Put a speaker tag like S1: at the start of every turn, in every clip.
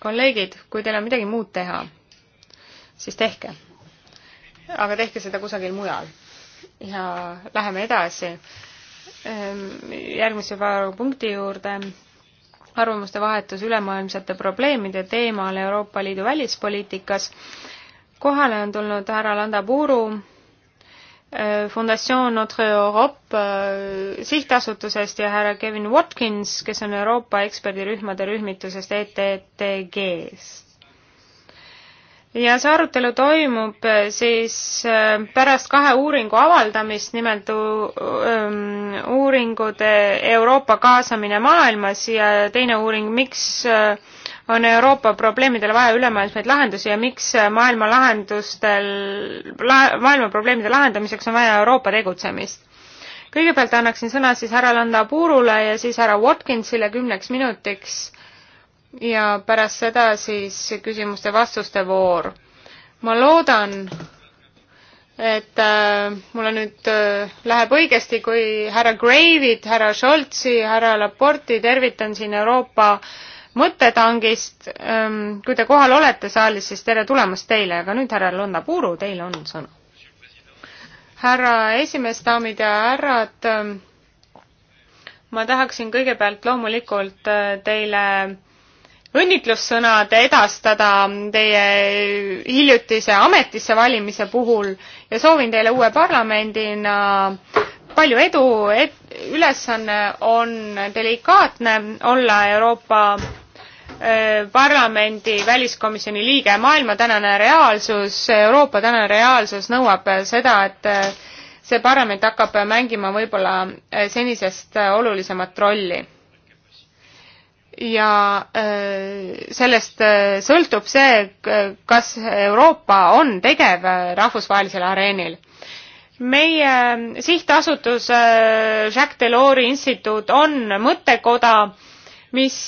S1: kolleegid, kui teil on midagi muud teha, siis tehke. aga tehke seda kusagil mujal. ja läheme edasi ehm, järgmise päevapunkti juurde. arvamuste vahetus ülemaailmsete probleemide teemal Euroopa Liidu välispoliitikas. kohale on tulnud härra Landa Puru Äh, Fondation Notre Euroope äh, sihtasutusest ja härra Kevin Watkins, kes on Euroopa eksperdirühmade rühmitusest ETTG-st ja see arutelu toimub äh, siis pärast kahe uuringu avaldamist, nimelt ähm, uuringud Euroopa kaasamine maailmas ja teine uuring, miks on Euroopa probleemidele vaja ülemaailmseid lahendusi ja miks maailma lahendustel la,, maailma probleemide lahendamiseks on vaja Euroopa tegutsemist. kõigepealt annaksin sõna siis härra Landapuurule ja siis härra Watkinsile kümneks minutiks ja pärast seda siis küsimuste-vastuste voor. ma loodan, et äh, mul on nüüd äh, läheb õigesti, kui härra Gravit, härra Scholzi, härra Laporti tervitan siin Euroopa äh, mõttetangist. kui te kohal olete saalis, siis tere tulemast teile, aga nüüd härra Lonna Puuru, teil on sõna. härra esimees, daamid ja härrad, ma tahaksin kõigepealt loomulikult äh, teile õnnitlussõnad edastada teie hiljutise ametisse valimise puhul ja soovin teile uue parlamendina palju edu et, ülesanne on delikaatne olla Euroopa Äh, parlamendi väliskomisjoni liige. maailma tänane reaalsus, Euroopa tänane reaalsus nõuab seda, et äh, see parlament hakkab mängima võib-olla äh, senisest olulisemat rolli. ja sellest sõltub see, kas Euroopa on tegev rahvusvahelisel areenil meie sihtasutus Jacques Delors'i instituut on mõttekoda, mis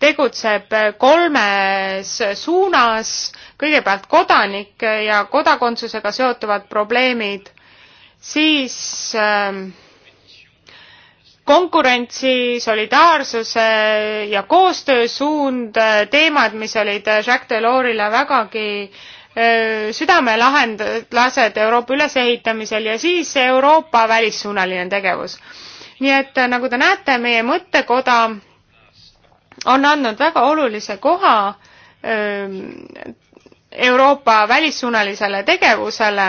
S1: tegutseb kolmes suunas, kõigepealt kodanik ja kodakondsusega seotuvad probleemid, siis ähm, konkurentsi, solidaarsuse ja koostöö suund, äh, teemad, mis olid äh, Jacques Delorsile vägagi äh, südamelahendused Euroopa ülesehitamisel ja siis Euroopa välissuunaline tegevus. nii et nagu te näete, meie mõttekoda on andnud väga olulise koha ähm, Euroopa välissuunalisele tegevusele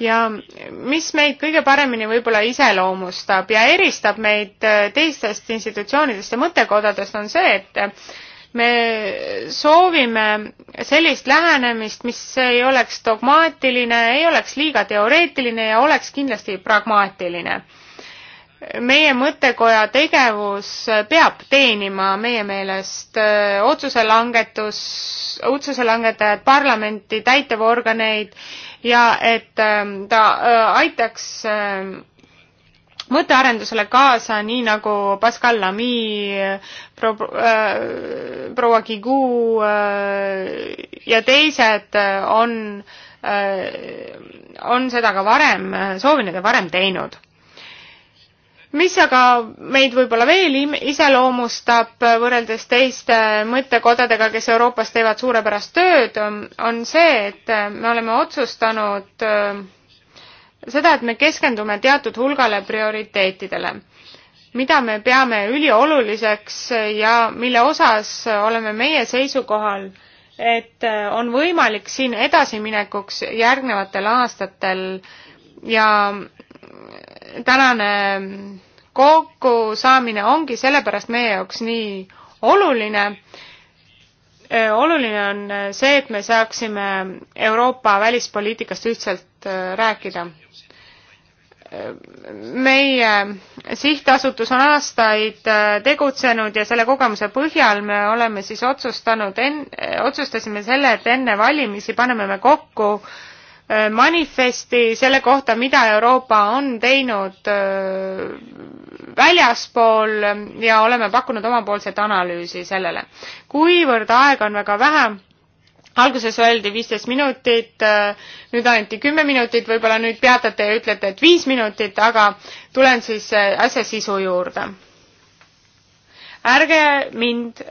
S1: ja mis meid kõige paremini võib-olla iseloomustab ja eristab meid äh, teistest institutsioonidest ja mõttekodadest, on see, et äh, me soovime sellist lähenemist, mis ei oleks dogmaatiline, ei oleks liiga teoreetiline ja oleks kindlasti pragmaatiline meie mõttekoja tegevus peab teenima meie meelest äh, otsuse langetus, otsuse langetajad, parlamenti, täitevorganeid ja et ähm, ta äh, aitaks ähm, mõttearendusele kaasa, nii nagu Pascal Lamy äh, pro,, proua Kigu ja teised on, on seda ka varem soovinud ja varem teinud mis aga meid võib-olla veel iseloomustab äh, võrreldes teiste mõttekodadega, kes Euroopas teevad suurepärast tööd, on see, et äh, me oleme otsustanud äh, seda, et me keskendume teatud hulgale prioriteetidele, mida me peame ülioluliseks ja mille osas oleme meie seisukohal, et on võimalik siin edasiminekuks järgnevatel aastatel ja tänane kokkusaamine ongi sellepärast meie jaoks nii oluline. oluline on see, et me saaksime Euroopa välispoliitikast ühtselt rääkida. meie sihtasutus on aastaid tegutsenud ja selle kogemuse põhjal me oleme siis otsustanud, otsustasime selle, et enne valimisi paneme me kokku äh, Äh, manifesti selle kohta, mida Euroopa on teinud äh, väljaspool ja oleme pakkunud omapoolset analüüsi sellele. kuivõrd aega on väga vähe, alguses öeldi viisteist minutit, äh, nüüd anti kümme minutit, võib-olla nüüd peatate ja ütlete, et viis minutit, aga tulen siis asja sisu juurde. ärge mind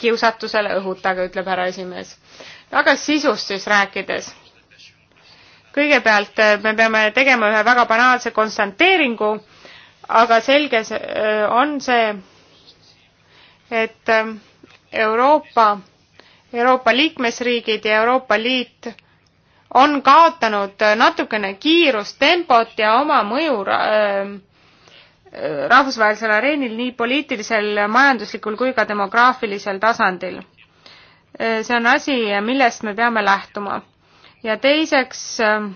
S1: kiusatusele õhutage, ütleb härra esimees. aga sisust siis rääkides kõigepealt äh, me peame tegema ühe väga banaalse konstanteeringu, aga selge äh, on see, et ähm, Euroopa, Euroopa liikmesriigid ja Euroopa Liit on kaotanud äh, natukene kiirust, tempot ja oma mõju rahvusvahelisel areenil nii poliitilisel, majanduslikul kui ka demograafilisel tasandil. see on asi, millest me peame lähtuma ja teiseks ähm,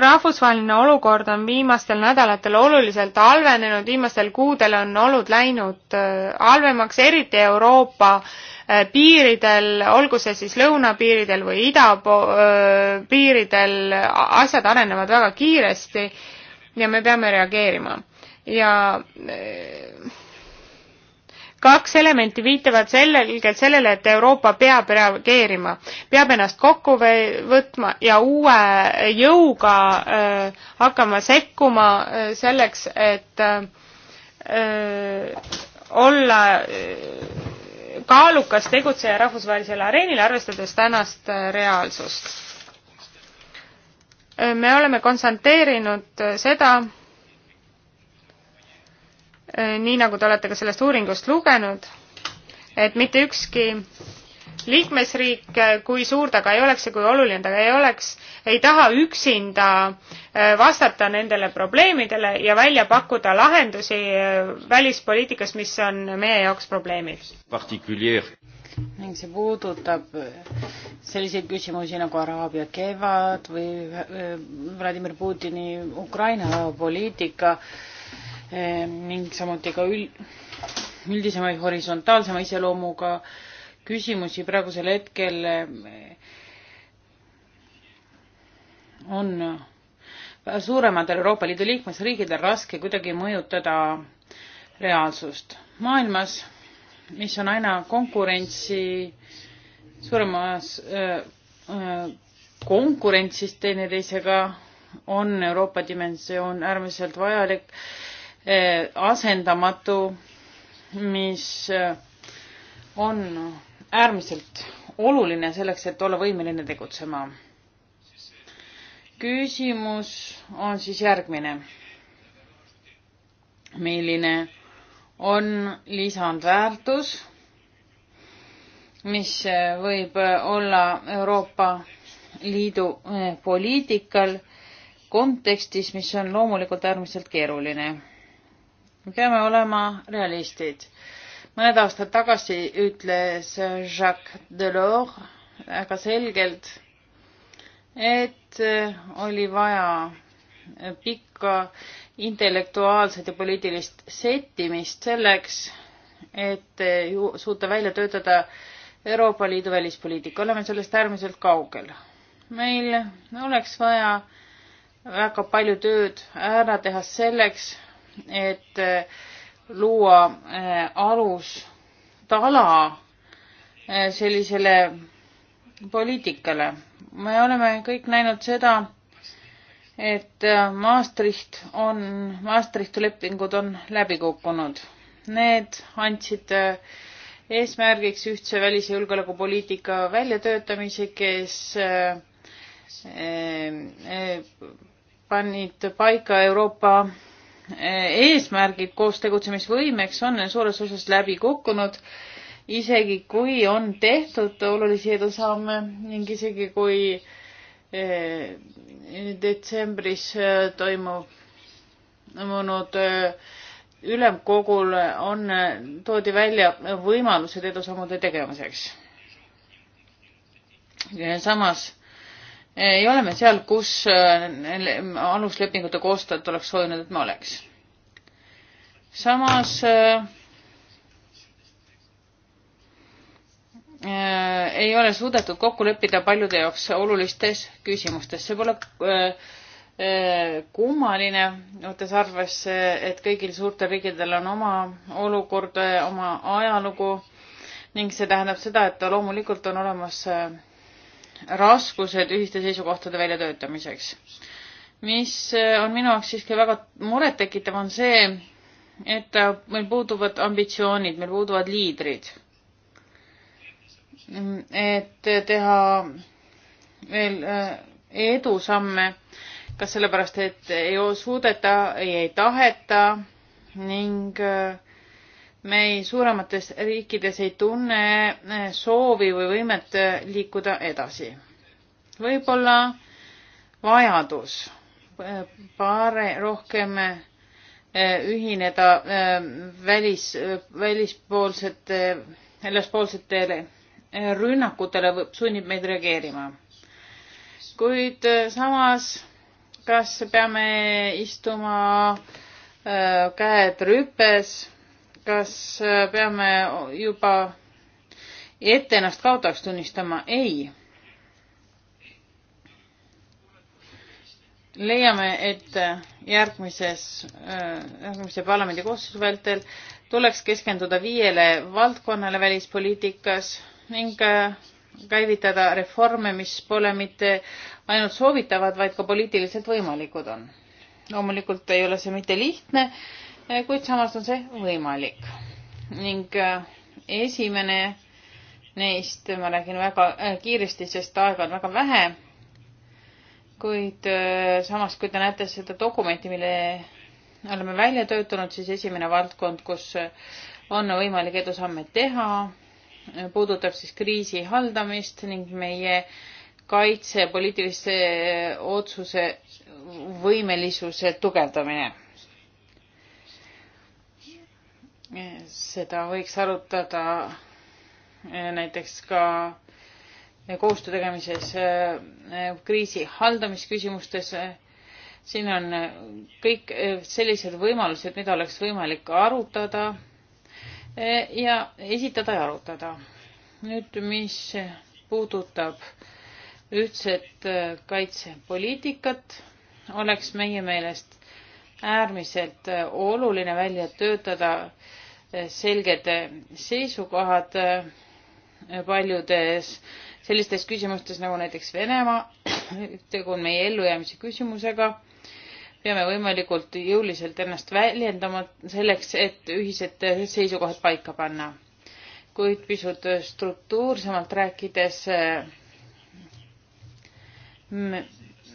S1: rahvusvaheline olukord on viimastel nädalatel oluliselt halvenenud, viimastel kuudel on olud läinud äh, halvemaks, eriti Euroopa äh, piiridel, olgu see siis lõunapiiridel või idapiiridel, äh, asjad arenevad väga kiiresti ja me peame reageerima. ja kaks elementi viitavad selgelt sellele, et Euroopa peab reageerima, peab ennast kokku võtma ja uue jõuga äh, hakkama sekkuma äh, selleks, et äh, olla äh, kaalukas tegutseja rahvusvahelisel areenil, arvestades tänast äh, reaalsust. Äh, me oleme konstanteerinud seda, Äh, nii nagu te olete ka sellest uuringust lugenud, et mitte ükski liikmesriik, äh, kui suur ta ka ei oleks ja kui oluline ta ka ei oleks, ei taha üksinda äh, vastata nendele probleemidele ja välja pakkuda lahendusi välispoliitikas, mis on meie jaoks probleemid. ning see puudutab selliseid küsimusi nagu Araabia
S2: kevad või Vladimir Putini Ukraina poliitika äh, Eh, ning samuti ka üldisema ja horisontaalsema iseloomuga küsimusi praegusel hetkel eh, on suurematel Euroopa Liidu liikmesriikidel raske kuidagi mõjutada reaalsust. maailmas, mis on aina konkurentsi, suuremas eh, konkurentsis teineteisega, on Euroopa dimensioon äärmiselt vajalik Eh, asendamatu, mis eh, on äärmiselt oluline selleks, et olla võimeline tegutsema. küsimus on siis järgmine. milline on lisandväärtus, mis eh, võib olla Euroopa Liidu poliitikal kontekstis, mis on loomulikult äärmiselt keeruline me peame olema realistid. mõned aastad tagasi ütles Jacques Delors väga selgelt, et oli vaja pikka intellektuaalset ja poliitilist settimist selleks, et ju suuta välja töötada Euroopa Liidu välispoliitika. oleme sellest äärmiselt kaugel. meil oleks vaja väga palju tööd ära teha selleks, et eh, luua eh, alustala eh, sellisele poliitikale. me oleme kõik näinud seda, et Maastricht on, Maastrichti lepingud on läbi kukkunud. Need andsid eesmärgiks ühtse välis- ja julgeolekupoliitika väljatöötamise, kes panid paika Euroopa eesmärgid koos tegutsemisvõimeks on suures osas läbi kukkunud, isegi kui on tehtud olulisi edusamme ning isegi kui eh, detsembris eh, toimunud eh, ülemkogul on, toodi välja võimalused edusammude tegemiseks. samas ei ole me seal, kus äh, aluslepingute koostajad oleks soovinud, et me oleks. samas äh, äh, ei ole suudetud kokku leppida paljude jaoks olulistes küsimustes. see pole kummaline, võttes arvesse, et kõigil suurtel riikidel on oma olukord, oma ajalugu ning see tähendab seda, et loomulikult on olemas raskused ühiste seisukohtade väljatöötamiseks. mis äh, on minu jaoks siiski väga murettekitav, on see, et äh, meil puuduvad ambitsioonid, meil puuduvad liidrid. et teha veel äh, edusamme, kas sellepärast, et ei suudeta, ei taheta ning äh, me ei, suuremates riikides ei tunne eh, soovi või võimet eh, liikuda edasi. võib-olla vajadus eh, pare-, rohkem ühineda välis, välispoolsete, väljaspoolsetele rünnakutele võib, sunnib meid reageerima. kuid samas, kas peame istuma käed rüpes kas äh, peame juba ette ennast kaotajaks tunnistama? ei. leiame, et äh, järgmises, äh, järgmise parlamendi koosseisu vältel tuleks keskenduda viiele valdkonnale välispoliitikas ning käivitada reforme, mis pole mitte ainult soovitavad, vaid ka poliitiliselt võimalikud on. loomulikult ei ole see mitte lihtne Eh, kuid samas on see võimalik. ning eh, esimene neist, ma räägin väga eh, kiiresti, sest aega on väga vähe, kuid samas, kui te näete seda dokumenti, mille oleme välja töötanud, siis esimene valdkond, kus on võimalik edusamme teha, puudutab siis kriisi haldamist ning meie kaitsepoliitilise otsuse võimelisuse tugevdamine seda võiks arutada eh, näiteks ka eh, koostöö tegemises eh, kriisi haldamisküsimustes. siin on kõik sellised võimalused, mida oleks võimalik arutada ja esitada ja arutada. nüüd, mis puudutab ühtset kaitsepoliitikat, oleks meie meelest äärmiselt oluline välja töötada äh, selged seisukohad äh, paljudes sellistes küsimustes nagu näiteks Venemaa, tegu on meie ellujäämise küsimusega. peame võimalikult jõuliselt ennast väljendama selleks, et ühised seisukohad paika panna. kuid pisut struktuursemalt rääkides äh,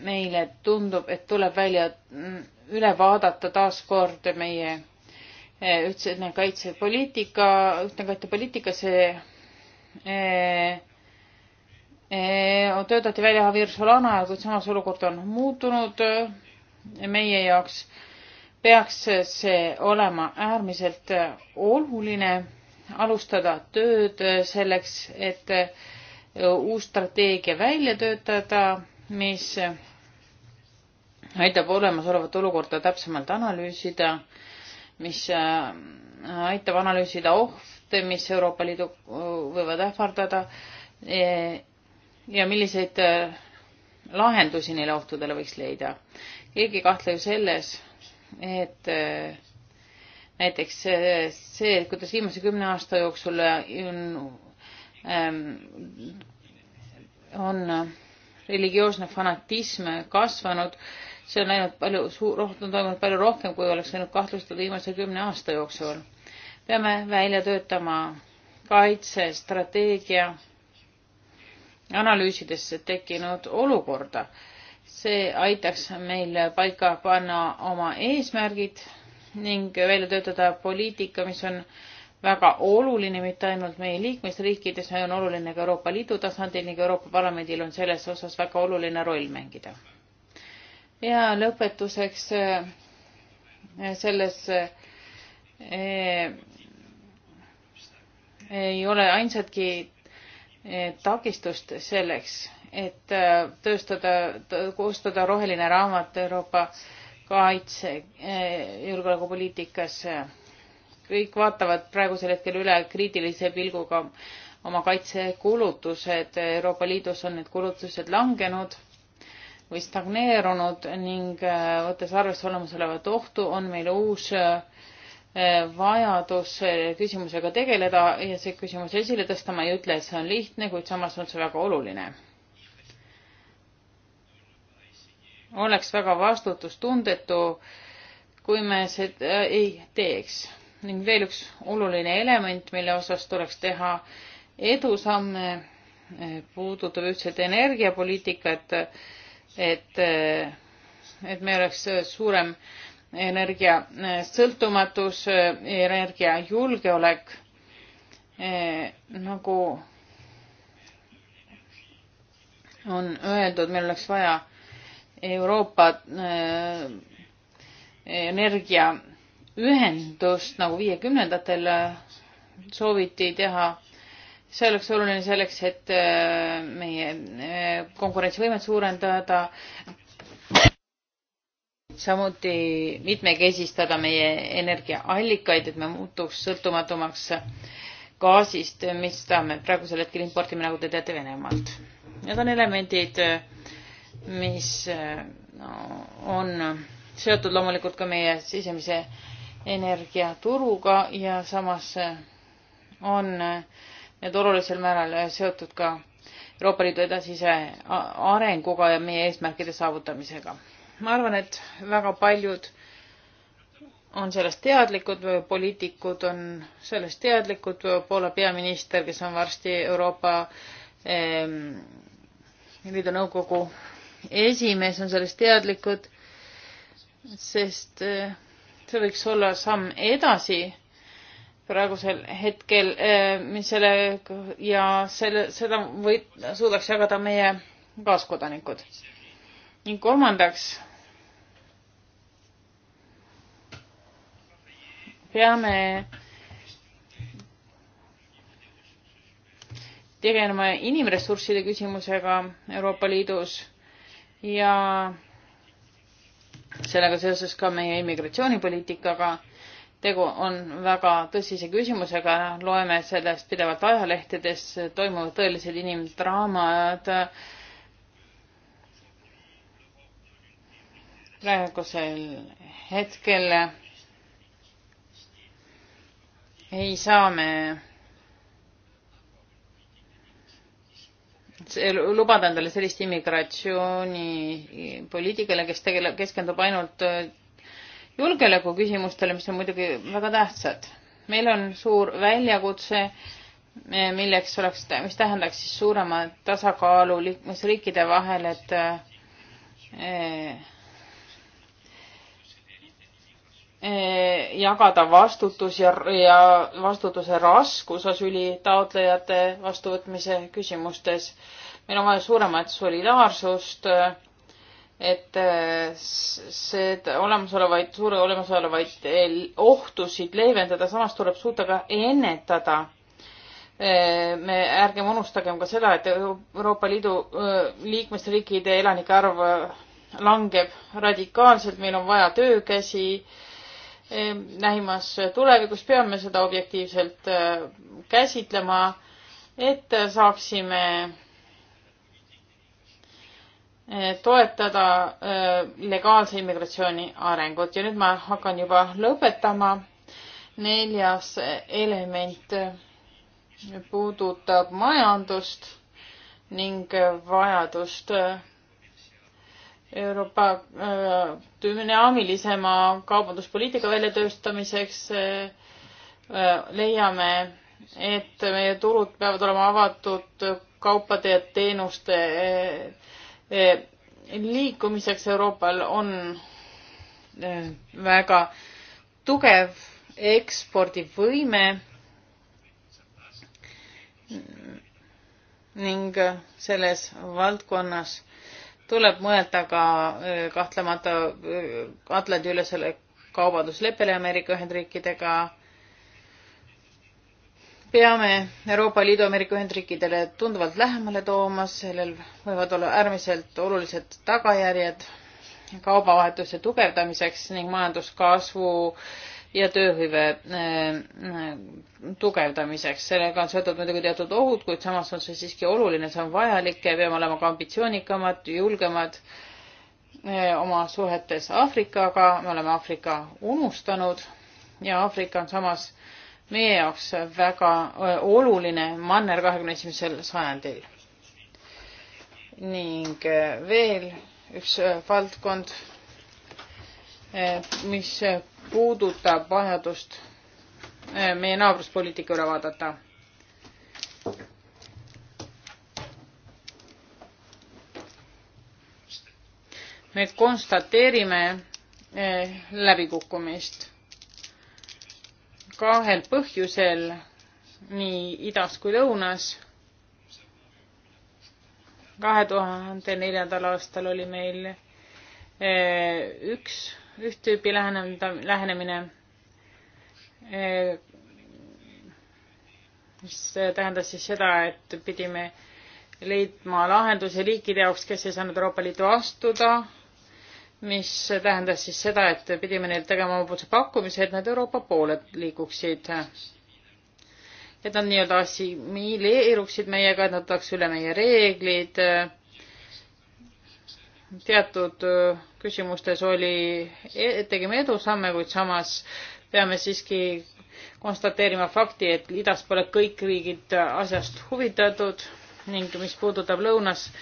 S2: meile tundub, et tuleb välja mm, üle vaadata taaskord meie Eh, ühtne kaitsepoliitika, ühtne kaitsepoliitika, see eh, eh, töötati välja Javier Solana ajal, kuid samas olukord on muutunud meie jaoks peaks see olema äärmiselt oluline alustada tööd selleks, et uus strateegia välja töötada, mis aitab olemasolevat olukorda täpsemalt analüüsida mis äh, aitab analüüsida ohte, mis Euroopa Liidu äh, võivad ähvardada e, ja milliseid äh, lahendusi neile ohtudele võiks leida. keegi ei kahtle ju selles, et näiteks see, kuidas viimase kümne aasta jooksul on, ähm, on religioosne fanatism kasvanud see on läinud palju, oht on toimunud palju rohkem, kui oleks võinud kahtlustada viimase kümne aasta jooksul. peame välja töötama kaitsestrateegia, analüüsides tekkinud olukorda. see aitaks meil paika panna oma eesmärgid ning välja töötada poliitika, mis on väga oluline mitte ainult meie liikmesriikides, vaid on oluline ka Euroopa Liidu tasandil ning Euroopa Parlamendil on selles osas väga oluline roll mängida ja lõpetuseks äh, selles äh, ei ole ainsatki äh, takistust selleks, et tööstada, koostada roheline raamat Euroopa kaitse julgeolekupoliitikas. kõik vaatavad praegusel hetkel üle kriitilise pilguga oma kaitsekulutused. Euroopa Liidus on need kulutused langenud või stagneerunud ning äh, võttes arvesse olemasolevat ohtu, on meil uus äh, vajadus äh, küsimusega tegeleda ja see küsimus esile tõsta, ma ei ütle, et see on lihtne, kuid samas on see väga oluline. oleks väga vastutustundetu, kui me seda ei teeks. ning veel üks oluline element, mille osas tuleks teha edusamme, puudutab ühtset energiapoliitikat et et, eh, et meil oleks suurem energia sõltumatus, energiajulgeolek eh, nagu on öeldud, meil oleks vaja Euroopa eh, energiaühendust, nagu viiekümnendatel sooviti teha see oleks oluline selleks, et äh, meie äh, konkurentsivõimet suurendada, samuti mitmekesistada meie energiaallikaid, et me muutuks sõltumatumaks gaasist, mida me praegusel hetkel impordime, nagu te teate, Venemaalt. Need on elemendid, mis äh, no, on seotud loomulikult ka meie sisemise energiaturuga ja samas on äh, need olulisel määral äh, seotud ka Euroopa Liidu edasise arenguga ja meie eesmärkide saavutamisega. ma arvan, et väga paljud on sellest teadlikud, poliitikud on sellest teadlikud, Poola peaminister, kes on varsti Euroopa ehm, Liidu Nõukogu esimees, on sellest teadlikud, sest äh, see võiks olla samm edasi praegusel hetkel, eh, mis selle ja selle, seda või suudaks jagada meie kaaskodanikud. ning kolmandaks peame tegelema inimressursside küsimusega Euroopa Liidus ja sellega seoses ka meie immigratsioonipoliitikaga tegu on väga tõsise küsimusega, loeme sellest pidevalt ajalehtedes, toimuvad tõelised inimdraamad. praegusel hetkel ei saa me lubada endale sellist immigratsioonipoliitikale, kes tegeleb, keskendub ainult julgeolekuküsimustele, mis on muidugi väga tähtsad. meil on suur väljakutse, milleks oleks, mis tähendaks siis suurema tasakaalu liikmesriikide vahel, et eh, eh, jagada vastutus ja, ja vastutuse raskus asüli taotlejate vastuvõtmise küsimustes. meil on vaja suuremat solidaarsust äh, et äh, seda olemasolevaid, suure olemasolevaid äh, ohtusid leevendada, samas tuleb suuta ka ennetada. Äh, me ärgem unustagem ka seda, et Euroopa Liidu liikmesriikide elanike arv langeb radikaalselt, meil on vaja töökäsi lähimas tulevikus, peame seda objektiivselt käsitlema, et saaksime Eh, toetada eh, legaalse immigratsiooni arengut ja nüüd ma hakkan juba lõpetama. neljas eh, element puudutab majandust ning vajadust Euroopa dünaamilisema kaubanduspoliitika väljatöötamiseks leiame, et meie turud peavad olema avatud kaupade ja teenuste liikumiseks Euroopal on eh, väga tugev ekspordivõime ning selles valdkonnas tuleb mõelda ka eh, kahtlemata eh, Atlandi ülesele kaubandusleppele Ameerika Ühendriikidega peame Euroopa Liidu Ameerika Ühendriikidele tunduvalt lähemale tooma, sellel võivad olla äärmiselt olulised tagajärjed kaubavahetuse tugevdamiseks ning majanduskasvu ja tööhõive äh, tugevdamiseks. sellega on seotud muidugi teatud ohud, kuid samas on see siiski oluline, see on vajalik ja peame olema ka ambitsioonikamad, julgemad äh, oma suhetes Aafrikaga, me oleme Aafrika unustanud ja Aafrika on samas äh, meie jaoks väga oluline manner kahekümne esimesel sajandil. ning veel üks valdkond, mis puudutab vajadust meie naabruspoliitika üle vaadata. me konstateerime läbikukkumist kahel põhjusel, nii idas kui lõunas. kahe tuhande neljandal aastal oli meil eh, üks, üht tüüpi lähenemine, lähenemine, eh, mis tähendas siis seda, et pidime leidma lahenduse riikide jaoks, kes ei saanud Euroopa Liitu astuda mis tähendas siis seda, et pidime neil tegema omapoolse pakkumise, et nad Euroopa poole liiguksid. et nad nii-öelda assimileeruksid meiega, et nad võtaks üle meie reeglid. teatud küsimustes oli, tegime edusamme, kuid samas peame siiski konstateerima fakti, et idas pole kõik riigid asjast huvitatud ning mis puudutab lõunas äh,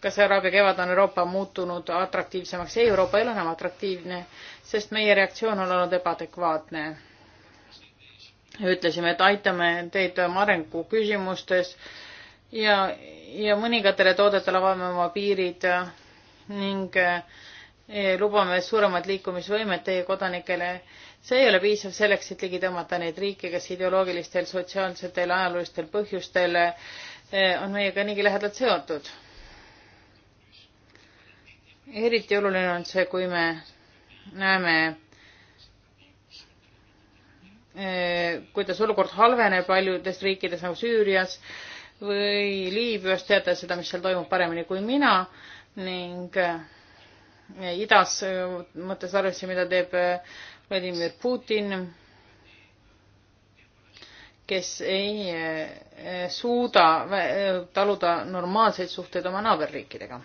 S2: kas Araabia kevad on Euroopa muutunud atraktiivsemaks? ei, Euroopa ei ole enam atraktiivne, sest meie reaktsioon on olnud ebaadekvaatne. ütlesime, et aitame teid oma arengu küsimustes ja, ja mõningatele toodetele avame oma piirid ning eh, lubame suuremat liikumisvõimet teie kodanikele. see ei ole piisav selleks, et ligi tõmmata neid riike, kes ideoloogilistel, sotsiaalsetel, ajaloolistel põhjustel eh, on meiega niigi lähedalt seotud eriti oluline on see, kui me näeme, eh, kuidas olukord halveneb paljudes riikides nagu Süürias või Liibüas, teate seda, mis seal toimub paremini kui mina ning eh, idas, eh, mõttes arvesse, mida teeb Vladimir Putin, kes ei suuda taluda normaalseid suhteid oma naaberriikidega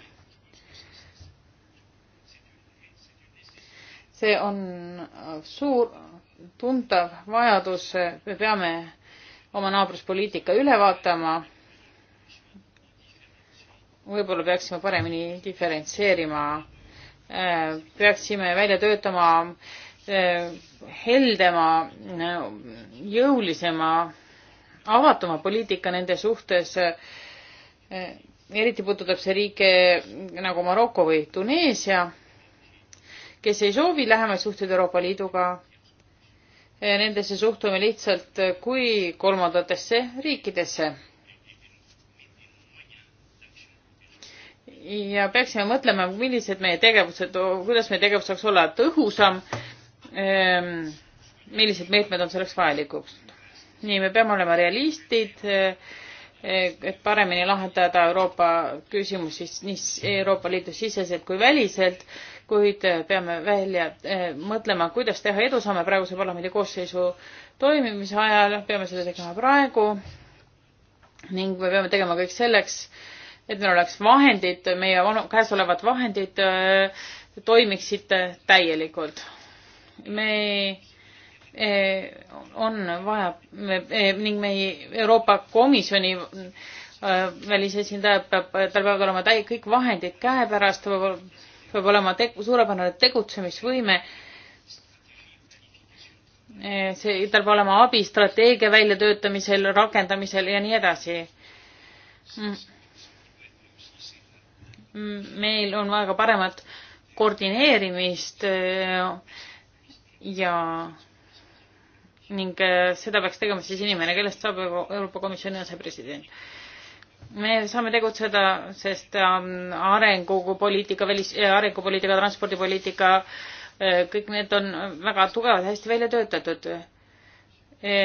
S2: see on suur tuntav vajadus, me peame oma naabruspoliitika üle vaatama. võib-olla peaksime paremini diferentseerima, peaksime välja töötama heldema, jõulisema, avatuma poliitika nende suhtes. eriti puudutab see riike nagu Maroko või Tuneesia kes ei soovi lähemaid suhteid Euroopa Liiduga, nendesse suhtume lihtsalt kui kolmandatesse riikidesse. ja peaksime mõtlema, millised meie tegevused, kuidas meie tegevus saaks olla tõhusam, ehm, millised meetmed on selleks vajalikuks. nii, me peame olema realistid, eh, et paremini lahendada Euroopa küsimusi nii Euroopa Liidu siseselt kui väliselt kuid eh, peame välja eh, mõtlema, kuidas teha edusamme praeguse parlamendi koosseisu toimimise ajal, peame seda tegema praegu ning me peame tegema kõik selleks, et meil oleks vahendid, meie käesolevad vahendid eh, toimiksid täielikult. me, on vaja me, ning meie Euroopa Komisjoni välisesindaja peab, tal peavad olema täi-, kõik vahendid käepärast, peab olema tegu, suurepärane tegutsemisvõime. Eh, see, tal peab olema abi strateegia väljatöötamisel, rakendamisel ja nii edasi. Mm. Mm, meil on vaja ka paremat koordineerimist eh, ja ning eh, seda peaks tegema siis inimene, kellest saab Euroopa Komisjoni asepresident me saame tegutseda, sest ähm, arengupoliitika, välis, äh, arengupoliitika, transpordipoliitika, äh, kõik need on väga tugevad, hästi välja töötatud. Äh,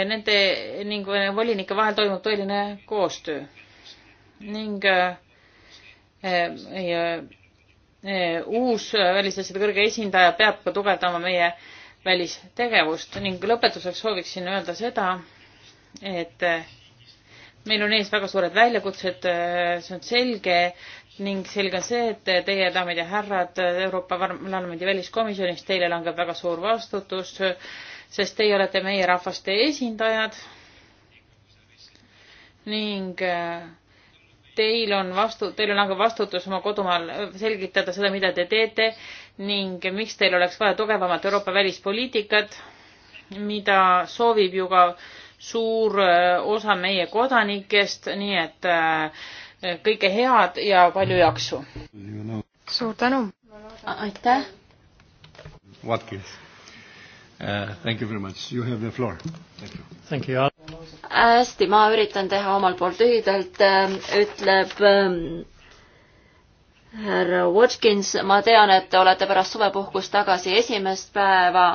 S2: nende ning volinike vahel toimub tõeline koostöö ning meie uus välisasjade kõrge esindaja peab ka tugevdama meie välistegevust ning lõpetuseks sooviksin öelda seda, et meil on ees väga suured väljakutsed, äh, see on selge ning selge on see, et äh, teie, daamid ja härrad, äh, Euroopa Parlamendi väliskomisjonis, teile langeb väga suur vastutus, sest teie olete meie rahvaste esindajad ning teil on vastu, teil on aga vastutus oma kodumaal selgitada seda, mida te teete ning miks teil oleks vaja tugevamat Euroopa välispoliitikat, mida soovib ju ka suur äh, osa meie kodanikest, nii et äh, kõike head ja palju jaksu! suur
S1: tänu! aitäh!
S2: Watkins uh,. Thank you very much. You have the floor. Thank you. Thank you all.
S3: hästi, ma üritan teha omalt poolt lühidalt äh,, ütleb ähm, härra äh, Watkins, ma tean, et te olete pärast suvepuhkust tagasi esimest päeva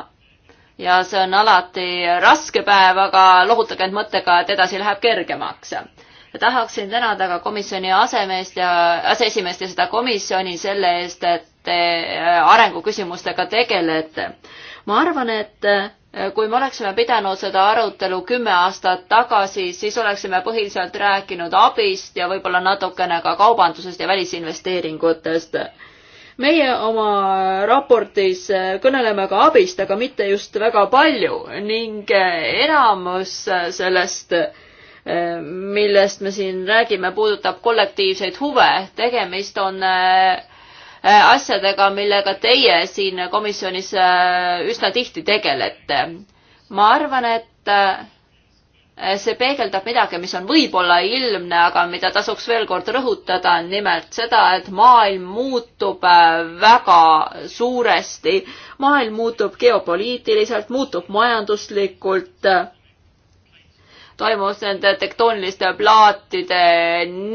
S3: ja see on alati raske päev, aga lohutage end mõttega, et edasi läheb kergemaks. tahaksin tänada ka komisjoni asemeest ja aseesimeest ja seda komisjoni selle eest, et te äh, arenguküsimustega tegelete. ma arvan, et äh, kui me oleksime pidanud seda arutelu kümme aastat tagasi, siis oleksime põhiliselt rääkinud abist ja võib-olla natukene ka kaubandusest ja välisinvesteeringutest meie oma raportis äh, kõneleme ka abist, aga mitte just väga palju ning äh, enamus äh, sellest millest me siin räägime, puudutab kollektiivseid huve, tegemist on asjadega, millega teie siin komisjonis üsna tihti tegelete. ma arvan, et see peegeldab midagi, mis on võib-olla ilmne, aga mida tasuks veel kord rõhutada, on nimelt seda, et maailm muutub äh, väga suuresti. maailm muutub geopoliitiliselt, muutub majanduslikult, toimus nende tektooniliste plaatide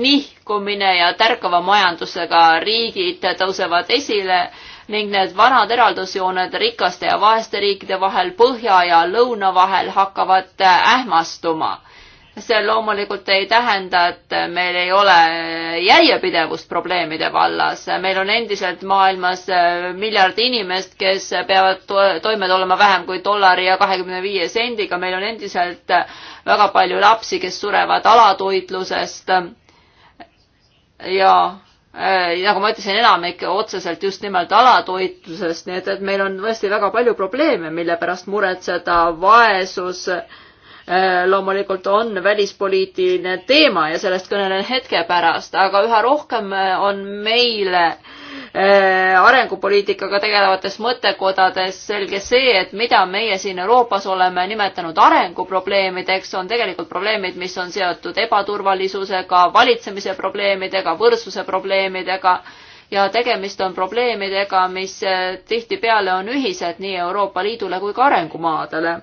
S3: nihkumine ja tärkava majandusega riigid tõusevad esile ning need vanad eraldusjooned rikaste ja vaeste riikide vahel, põhja ja lõuna vahel hakkavad äh, ähmastuma. see loomulikult ei tähenda, et meil ei ole järjepidevust probleemide vallas, meil on endiselt maailmas äh, miljard inimest, kes peavad to toime tulema vähem kui dollari ja kahekümne viie sendiga, meil on endiselt äh, väga palju lapsi, kes surevad alatoitlusest ja Äh, nagu ma ütlesin, enamik otseselt just nimelt alatoitlusest, nii et, et meil on tõesti väga palju probleeme, mille pärast muretseda, vaesus äh,, Äh, loomulikult on välispoliitiline teema ja sellest kõnelen hetke pärast, aga üha rohkem äh, on meile äh, arengupoliitikaga tegelevates mõttekodades selge see, et mida meie siin Euroopas oleme nimetanud arenguprobleemideks, on tegelikult probleemid, mis on seotud ebaturvalisusega, valitsemise probleemidega, võrdsuse probleemidega ja tegemist on probleemidega, mis tihtipeale on ühised nii Euroopa Liidule kui ka arengumaadele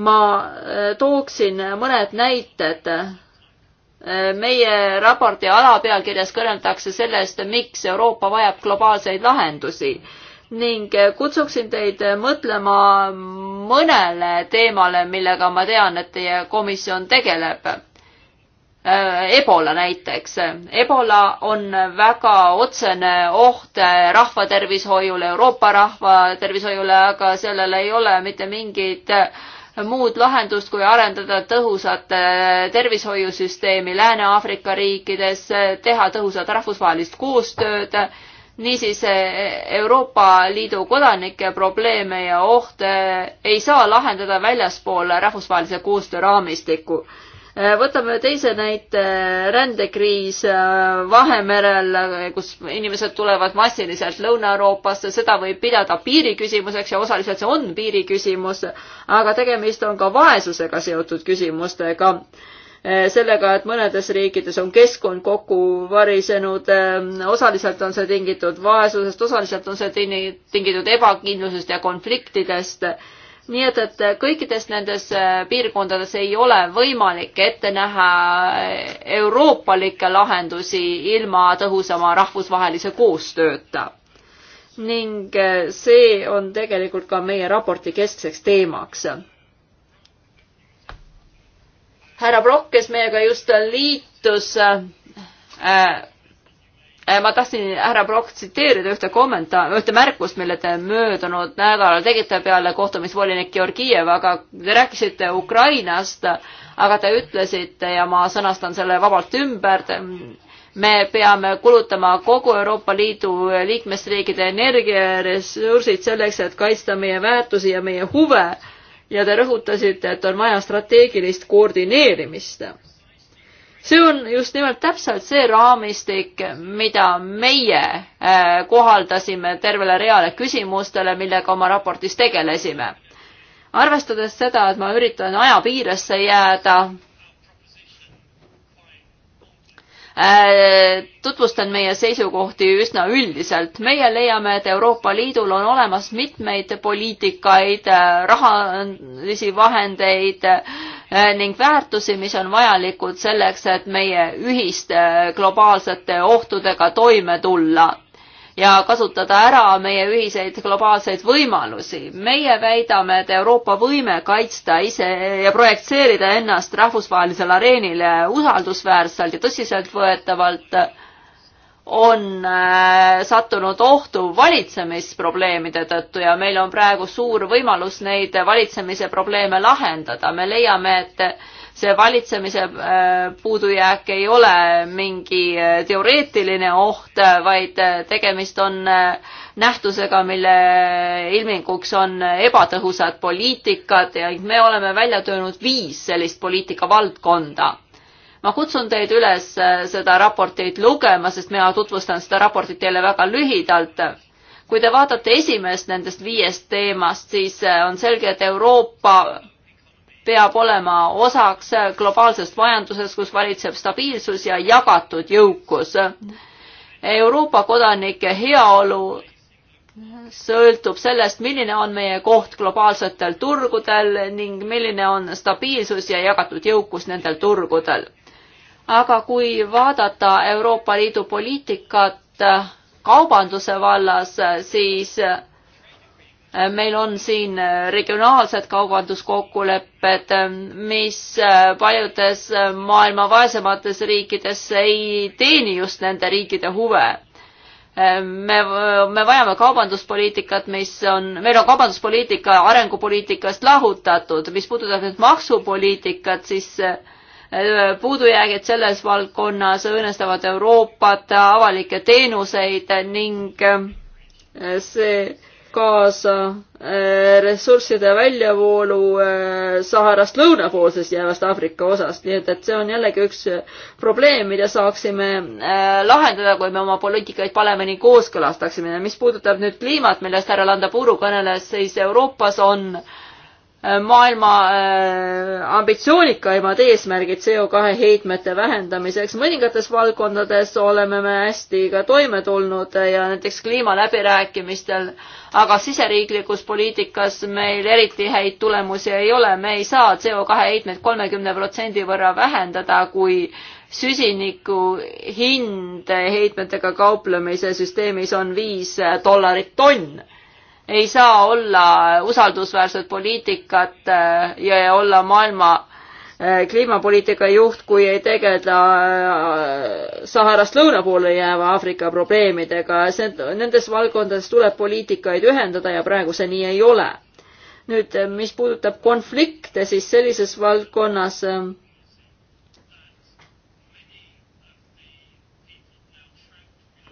S3: ma äh, tooksin mõned näited. Äh, meie raporti alapealkirjas kõneldakse sellest, miks Euroopa vajab globaalseid lahendusi ning äh, kutsuksin teid mõtlema mõnele teemale, millega ma tean, et teie komisjon tegeleb. Ebola näiteks. Ebola on väga otsene oht rahvatervishoiule, Euroopa rahvatervishoiule, aga sellel ei ole mitte mingit äh, muud lahendust, kui arendada tõhusat äh, tervishoiusüsteemi Lääne-Aafrika riikides, teha tõhusat rahvusvahelist koostööd. niisiis äh, Euroopa Liidu kodanike probleeme ja ohte ei saa lahendada väljaspool rahvusvahelise koostöö raamistikku Äh, võtame teise näite, rändekriis äh, Vahemerel, äh, kus inimesed tulevad massiliselt Lõuna-Euroopasse, seda võib pidada piiriküsimuseks ja osaliselt see on piiriküsimus, aga tegemist on ka vaesusega seotud küsimustega sellega, et mõnedes riikides on keskkond kokku varisenud, osaliselt on see tingitud vaesusest, osaliselt on see tingitud ebakindlusest ja konfliktidest nii et, et kõikides nendes äh, piirkondades ei ole võimalik ette näha äh, euroopalikke lahendusi ilma tõhusama rahvusvahelise koostööta. ning äh, see on tegelikult ka meie raporti keskseks teemaks. härra Brock, kes meiega just liitus äh,, Äh, ma tahtsin härra Brock tsiteerida ühte kommentaari, ühte märkust, mille te möödunud nädalal tegite peale kohtumist volinik Georgievaga. Te rääkisite Ukrainast, aga te ütlesite ja ma sõnastan selle vabalt ümber. me peame kulutama kogu Euroopa Liidu liikmesriikide energiaressursid selleks, et kaitsta meie väärtusi ja meie huve. ja te rõhutasite, et on vaja strateegilist koordineerimist see on just nimelt täpselt see raamistik, mida meie äh, kohaldasime tervele reale küsimustele, millega oma raportis tegelesime. arvestades seda, et ma üritan aja piiresse jääda, äh, tutvustan meie seisukohti üsna üldiselt. meie leiame, et Euroopa Liidul on olemas mitmeid poliitikaid, äh, rahalisi vahendeid äh,, Äh, ning väärtusi, mis on vajalikud selleks, et meie ühiste äh, globaalsete ohtudega toime tulla ja kasutada ära meie ühiseid globaalseid võimalusi. meie väidame, et Euroopa võime kaitsta ise ja projekteerida ennast rahvusvahelisel areenil äh, usaldusväärselt ja tõsiseltvõetavalt on äh, sattunud ohtu valitsemisprobleemide tõttu ja meil on praegu suur võimalus neid valitsemise probleeme lahendada. me leiame, et see valitsemise äh, puudujääk ei ole mingi äh, teoreetiline oht, vaid tegemist on nähtusega, mille ilminguks on ebatõhusad poliitikad ja me oleme välja töötanud viis sellist poliitikavaldkonda ma kutsun teid üles äh, seda raportit lugema, sest mina tutvustan seda raportit teile väga lühidalt. kui te vaatate esimest nendest viiest teemast, siis äh, on selge, et Euroopa peab olema osaks äh, globaalsest majandusest, kus valitseb stabiilsus ja jagatud jõukus. Euroopa kodanike heaolu sõltub sellest, milline on meie koht globaalsetel turgudel ning milline on stabiilsus ja jagatud jõukus nendel turgudel aga kui vaadata Euroopa Liidu poliitikat äh, kaubanduse vallas, äh, siis äh, meil on siin regionaalsed kaubanduskokkulepped, mis paljudes maailma vaesemates riikides ei teeni just nende riikide huve. me, me vajame kaubanduspoliitikat, mis on, meil on kaubanduspoliitika arengupoliitikast lahutatud, mis puudutab nüüd maksupoliitikat, siis puudujäägid selles valdkonnas õõnestavad Euroopat, avalikke teenuseid ning see kaasa ressursside väljavoolu Saharast lõunapoolsest jäävast Aafrika osast, nii et, et see on jällegi üks probleem, mida saaksime lahendada, kui me oma poliitikaid paremini kooskõlastaksime. mis puudutab nüüd kliimat, millest härra Landapuru kõneles, siis Euroopas on äh, Äh, maailma äh, ambitsioonikaimad eesmärgid CO2 heitmete vähendamiseks. mõningates valdkondades oleme me hästi ka toime tulnud ja näiteks kliimaläbirääkimistel, aga siseriiklikus poliitikas meil eriti häid tulemusi ei ole. me ei saa CO2 heitmeid kolmekümne protsendi võrra vähendada, kui süsiniku hind heitmetega kauplemise süsteemis on viis dollarit tonn ei saa olla usaldusväärset poliitikat äh, ja olla maailma äh, kliimapoliitika juht, kui ei tegeleda äh, Saharast lõuna poole jääva Aafrika probleemidega. see, nendes valdkondades tuleb poliitikaid ühendada ja praegu see nii ei ole. nüüd, mis puudutab konflikte, siis sellises valdkonnas äh,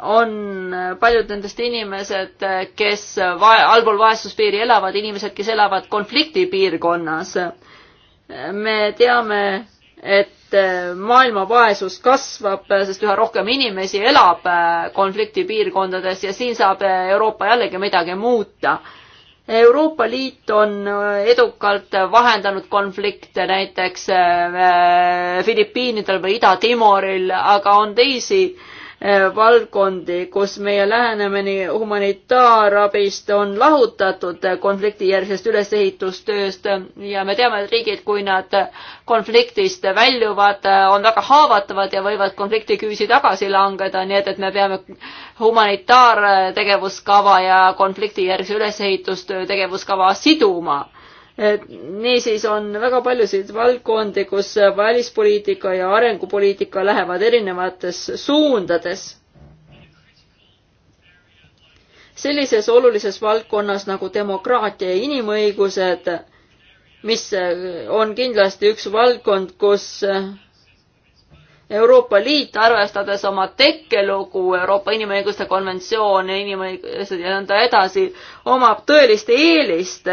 S3: on paljud nendest inimesed, kes vae, allpool vaesuspiiri elavad, inimesed, kes elavad konfliktipiirkonnas. me teame, et maailma vaesus kasvab, sest üha rohkem inimesi elab konfliktipiirkondades ja siin saab Euroopa jällegi midagi muuta. Euroopa Liit on edukalt vahendanud konflikte näiteks eh, Filipiinidel või Ida-Timoril, aga on teisi äh, Eh, valdkondi, kus meie lähenemine humanitaarabist on lahutatud konfliktijärgsest ülesehitustööst ja me teame, et riigid, kui nad konfliktist väljuvad, on väga haavatavad ja võivad konfliktiküüsi tagasi langeda, nii et, et me peame humanitaartegevuskava ja konfliktijärgse ülesehitustöö tegevuskava siduma niisiis on väga paljusid valdkondi, kus välispoliitika ja arengupoliitika lähevad erinevates suundades. sellises olulises valdkonnas nagu demokraatia ja inimõigused, mis on kindlasti üks valdkond, kus Euroopa Liit, arvestades oma tekkelugu, Euroopa Inimõiguste Konventsioon ja inimõigused ja nõnda edasi, omab tõelist eelist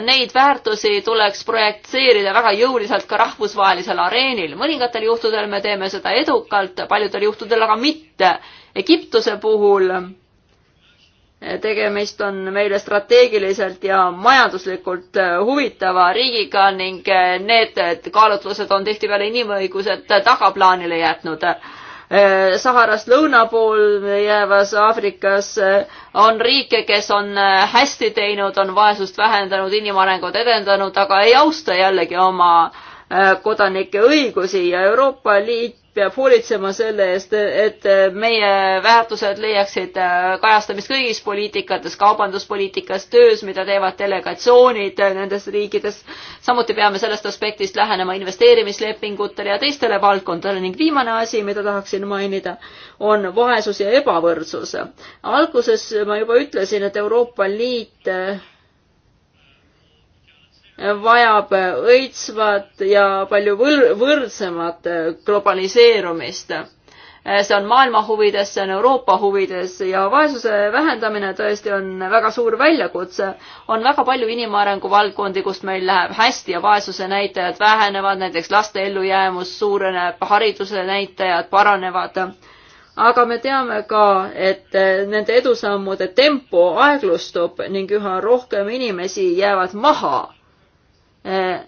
S3: neid väärtusi tuleks projekteerida väga jõuliselt ka rahvusvahelisel areenil. mõningatel juhtudel me teeme seda edukalt, paljudel juhtudel aga mitte. Egiptuse puhul tegemist on meile strateegiliselt ja majanduslikult huvitava riigiga ning need kaalutlused on tihtipeale inimõigused tagaplaanile jätnud Äh, Saharast lõuna pool jäävas Aafrikas on riike, kes on äh, hästi teinud, on vaesust vähendanud, inimarengut edendanud, aga ei austa jällegi oma äh, kodanike õigusi ja Euroopa Liit peab hoolitsema selle eest, et meie väärtused leiaksid äh, kajastamist kõigis poliitikates, kaubanduspoliitikas, töös, mida teevad delegatsioonid nendes riikides. samuti peame sellest aspektist lähenema investeerimislepingutele ja teistele valdkondadele ning viimane asi, mida tahaksin mainida, on vaesus ja ebavõrdsus. alguses ma juba ütlesin, et Euroopa Liit äh, vajab õitsvat ja palju võr võrdsemat äh, globaliseerumist. Äh, see on maailma huvides, see on Euroopa huvides ja vaesuse vähendamine tõesti on väga suur väljakutse. on väga palju inimarengu valdkondi, kus meil läheb hästi ja vaesuse näitajad vähenevad, näiteks laste ellujäämus suureneb, hariduse näitajad paranevad aga me teame ka, et äh, nende edusammude tempo aeglustub ning üha rohkem inimesi jäävad maha Äh,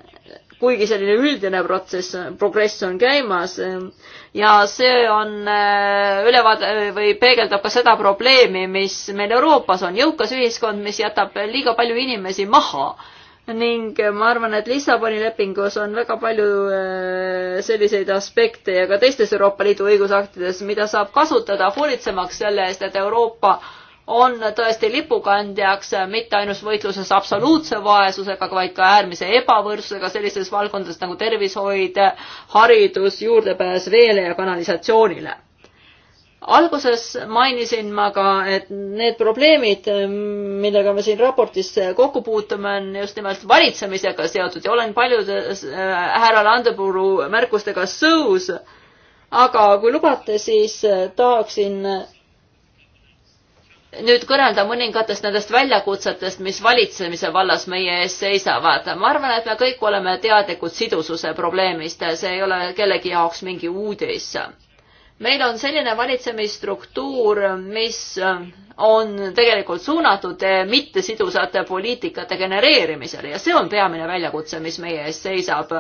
S3: kuigi selline üldine protsess, progress on käimas äh, ja see on äh, ülevaade või peegeldab ka seda probleemi, mis meil Euroopas on, jõukas ühiskond, mis jätab liiga palju inimesi maha ning ma arvan, et Lissaboni lepingus on väga palju selliseid aspekte ja ka teistes Euroopa Liidu õigusaktides, mida saab kasutada hoolitsemaks selle eest, et Euroopa on tõesti lipukandjaks mitte ainult võitluses absoluutse vaesusega, vaid ka äärmise ebavõrdsusega sellises valdkondades nagu tervishoid, haridus, juurdepääs veele ja kanalisatsioonile. alguses mainisin ma ka, et need probleemid, millega me siin raportis kokku puutume, on just nimelt valitsemisega seotud ja olen paljude äh, härra Landepuru märkustega sõus. aga kui lubate, siis tahaksin nüüd kõnelda mõningatest nendest väljakutsetest, mis valitsemise vallas meie ees seisavad. ma arvan, et me kõik oleme teadlikud sidususe probleemist, see ei ole kellegi jaoks mingi uudis. meil on selline valitsemisstruktuur, mis on tegelikult suunatud mittesidusate poliitikate genereerimisele ja see on peamine väljakutse, mis meie ees seisab.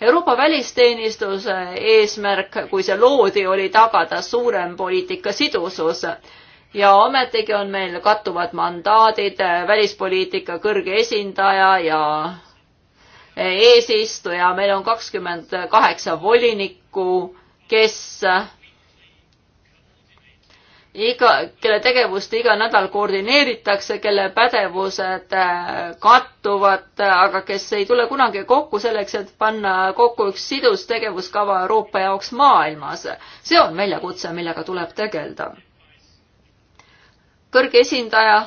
S3: Euroopa välisteenistuse eesmärk, kui see loodi, oli tagada suurem poliitika sidusus ja ometigi on meil kattuvad mandaadid, äh, välispoliitika kõrge esindaja ja äh, eesistuja, meil on kakskümmend kaheksa volinikku, kes äh, iga, kelle tegevust iga nädal koordineeritakse, kelle pädevused kattuvad, aga kes ei tule kunagi kokku selleks, et panna kokku üks sidus tegevuskava Euroopa jaoks maailmas. see on väljakutse, millega tuleb tegeleda kõrge esindaja,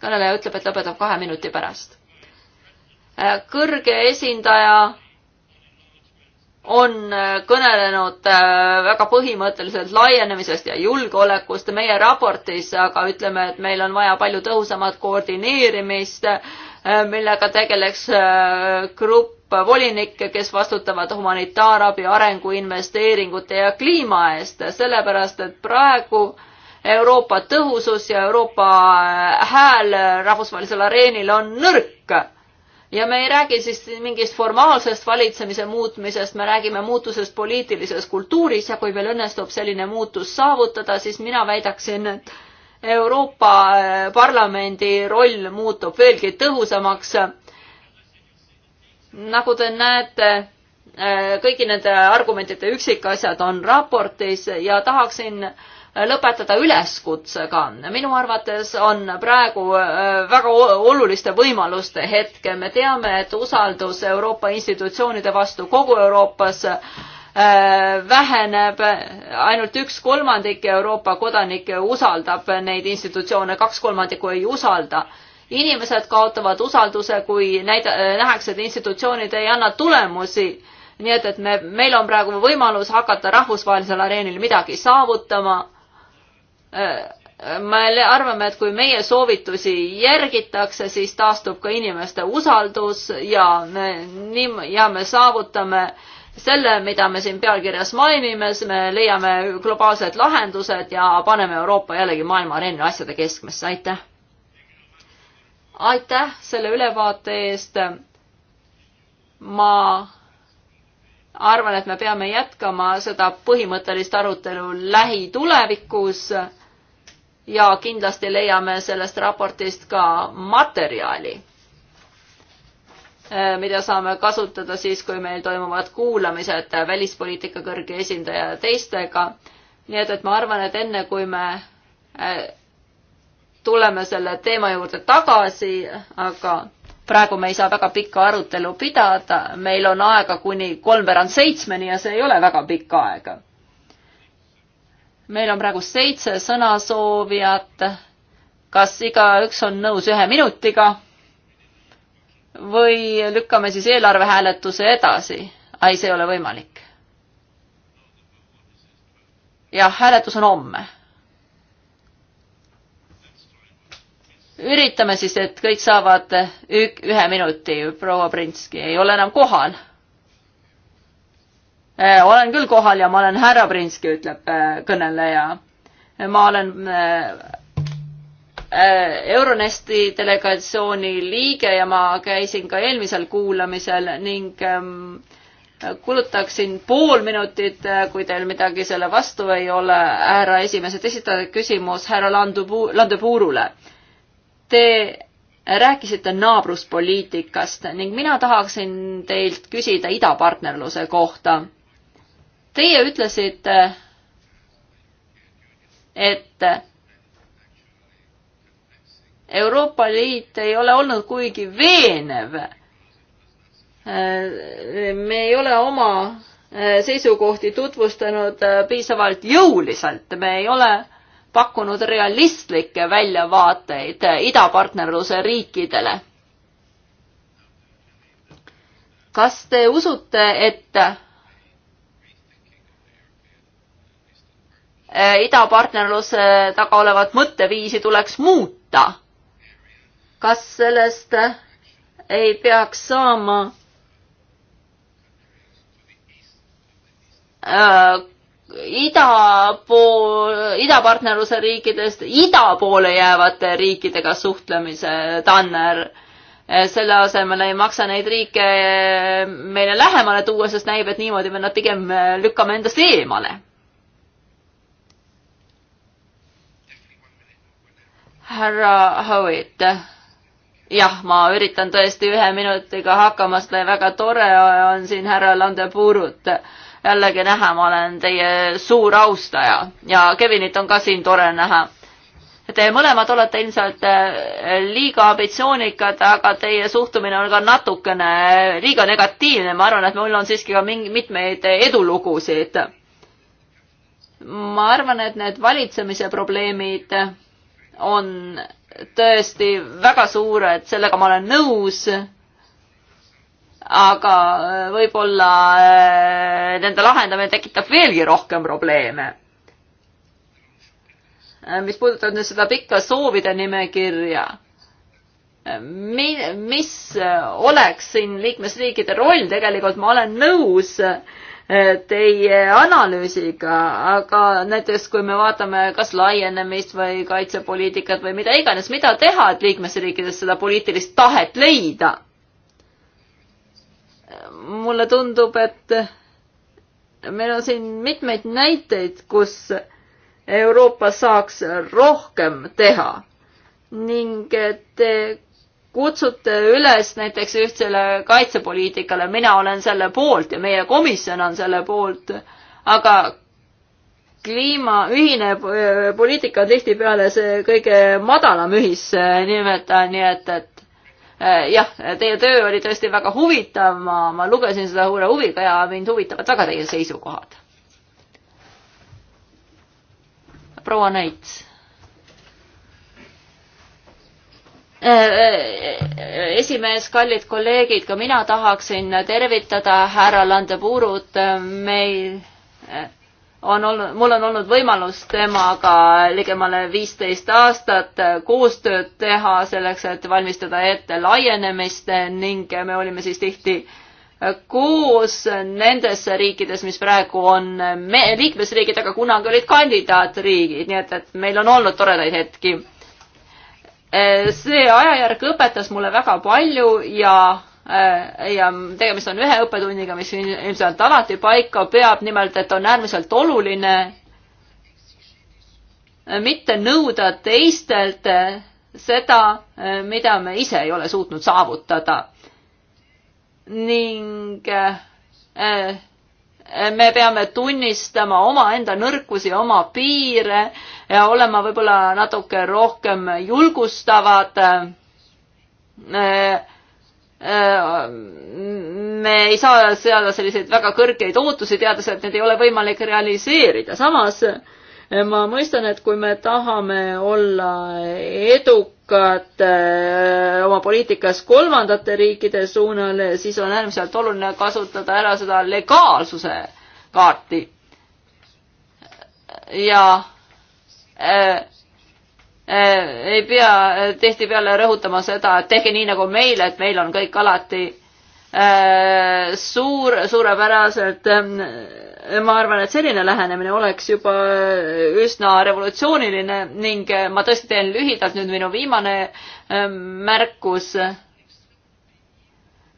S3: kõneleja ütleb, et lõpetab kahe minuti pärast. Äh, kõrge esindaja on äh, kõnelenud äh, väga põhimõtteliselt laienemisest ja julgeolekust meie raportis, aga ütleme, et meil on vaja palju tõhusamat koordineerimist, millega tegeleks grupp volinikke, kes vastutavad humanitaarabi, arenguinvesteeringute ja kliima eest, sellepärast et praegu äh, Euroopa tõhusus ja Euroopa hääl rahvusvahelisel areenil on nõrk. ja me ei räägi siis mingist formaalsest valitsemise muutmisest, me räägime muutusest poliitilises kultuuris ja kui meil õnnestub selline muutus saavutada, siis mina väidaksin, et Euroopa äh, Parlamendi roll muutub veelgi tõhusamaks. nagu te näete, äh, kõigi nende argumentide üksikasjad on raportis ja tahaksin äh, lõpetada üleskutsega. minu arvates on praegu äh, väga oluliste võimaluste hetk. me teame, et usaldus Euroopa institutsioonide vastu kogu Euroopas äh, väheneb, ainult üks kolmandik Euroopa kodanikke usaldab neid institutsioone, kaks kolmandikku ei usalda. inimesed kaotavad usalduse, kui näida-, nähakse, et institutsioonid ei anna tulemusi. nii et, et me, meil on praegu võimalus hakata rahvusvahelisel areenil midagi saavutama me arvame, et kui meie soovitusi järgitakse, siis taastub ka inimeste usaldus ja me, nii, ja me saavutame selle, mida me siin pealkirjas mainime, siis me leiame globaalsed lahendused ja paneme Euroopa jällegi maailma areenil asjade keskmesse, aitäh! aitäh selle ülevaate eest. ma arvan, et me peame jätkama seda põhimõttelist arutelu lähitulevikus ja kindlasti leiame sellest raportist ka materjali, eh, mida saame kasutada siis, kui meil toimuvad kuulamised välispoliitika kõrge esindaja ja teistega. nii et, et ma arvan, et enne kui me eh, tuleme selle teema juurde tagasi, aga praegu me ei saa väga pikka arutelu pidada, meil on aega kuni kolmveerand seitsmeni ja see ei ole väga pikk aega meil on praegu seitse sõnasoovijat. kas igaüks on nõus ühe minutiga? või lükkame siis eelarvehääletuse edasi? ei, see ei ole võimalik. jah, hääletus on homme. üritame siis, et kõik saavad ük-, ühe minuti, proua Prinski ei ole enam kohal Äh, olen küll kohal ja ma olen härra Prinski, ütleb äh, kõneleja. ma olen äh, Euronesti delegatsiooni liige ja ma käisin ka eelmisel kuulamisel ning ähm, kulutaksin pool minutit, kui teil midagi selle vastu ei ole, härra esimees, et esitada küsimus härra Landu-, Landepuurule. Te rääkisite naabruspoliitikast ning mina tahaksin teilt küsida idapartnerluse kohta Teie ütlesite, et Euroopa Liit ei ole olnud kuigi veenev. me ei ole oma seisukohti tutvustanud piisavalt jõuliselt, me ei ole pakkunud realistlikke väljavaateid idapartnerluse riikidele. kas te usute, et Äh, idapartnerluse taga olevat mõtteviisi tuleks muuta. kas sellest ei peaks saama äh, ida pool, idapartnerluse riikidest ida poole jäävate riikidega suhtlemise tanner. Äh, selle asemel ei maksa neid riike meile lähemale tuua, sest näib, et niimoodi me nad pigem äh, lükkame endast eemale härra Howitt. jah, ma üritan tõesti ühe minutiga hakkama, sest väga tore on siin härra Landepurut jällegi näha, ma olen teie suur austaja ja Kevinit on ka siin tore näha Te mõlemad olete ilmselt eh, liiga ambitsioonikad, aga teie suhtumine on ka natukene liiga negatiivne. ma arvan, et mul on siiski ka mingi, mitmeid edulugusid. ma arvan, et need valitsemise probleemid on tõesti väga suured, sellega ma olen nõus. aga äh, võib-olla äh, nende lahendamine tekitab veelgi rohkem probleeme. Äh, mis puudutab nüüd seda pikka soovide nimekirja mi-, mis oleks siin liikmesriikide roll, tegelikult ma olen nõus, Eh, teie analüüsiga, aga näiteks kui me vaatame kas laienemist või kaitsepoliitikat või mida iganes, mida teha, et liikmesriikides seda poliitilist tahet leida? mulle tundub, et meil on siin mitmeid näiteid, kus Euroopa saaks rohkem teha ning te kutsute üles näiteks ühtsele kaitsepoliitikale, mina olen selle poolt ja meie komisjon on selle poolt, aga kliima, ühine äh, poliitika on tihtipeale see kõige madalam ühisnimetaja, äh, nii et, et äh, jah, teie töö oli tõesti väga huvitav, ma, ma lugesin seda suure huviga ja mind huvitavad väga teie seisukohad. proua Näits Äh, äh, esimees, kallid kolleegid, ka mina tahaksin tervitada härra Landepuurut, meil äh, on olnud, mul on olnud võimalus temaga ligemale viisteist aastat koostööd teha selleks, et valmistada ette laienemist ning me olime siis tihti koos nendes riikides, mis praegu on liikmesriigid, aga kunagi olid kandidaatriigid, nii et, et meil on olnud toredaid hetki Eh, see ajajärk õpetas mulle väga palju ja eh, ja tegemist on ühe õppetunniga, mis ilmselt alati paika peab, nimelt et on äärmiselt oluline eh, mitte nõuda teistelt seda, mida me ise ei ole suutnud saavutada. ning me peame tunnistama omaenda nõrkusi, oma piire ja olema võib-olla natuke rohkem julgustavad. me ei saa seada selliseid väga kõrgeid ootusi, teades, et need ei ole võimalik realiseerida. samas ma mõistan, et kui me tahame olla edukad, edukad äh, oma poliitikas kolmandate riikide suunal, siis on äärmiselt oluline kasutada ära seda legaalsuse kaarti. ja äh, äh, ei pea tihtipeale rõhutama seda, et tehke nii nagu meil, et meil on kõik alati Äh, suur, suurepäraselt. Äh, ma arvan, et selline lähenemine oleks juba üsna revolutsiooniline ning äh, ma tõesti teen lühidalt nüüd minu viimane märkus.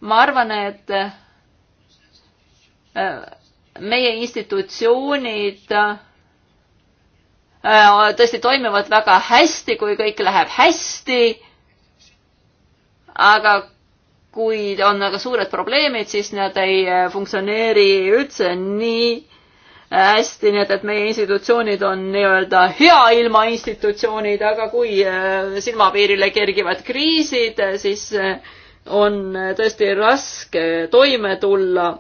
S3: ma arvan, et meie institutsioonid tõesti toimivad väga hästi, kui kõik läheb hästi. aga kuid on aga suured probleemid, siis nad ei äh, funktsioneeri üldse nii äh, hästi, nii et, et meie institutsioonid on nii-öelda hea ilma institutsioonid, aga kui äh, silmapiirile kergivad kriisid, siis on tõesti raske toime tulla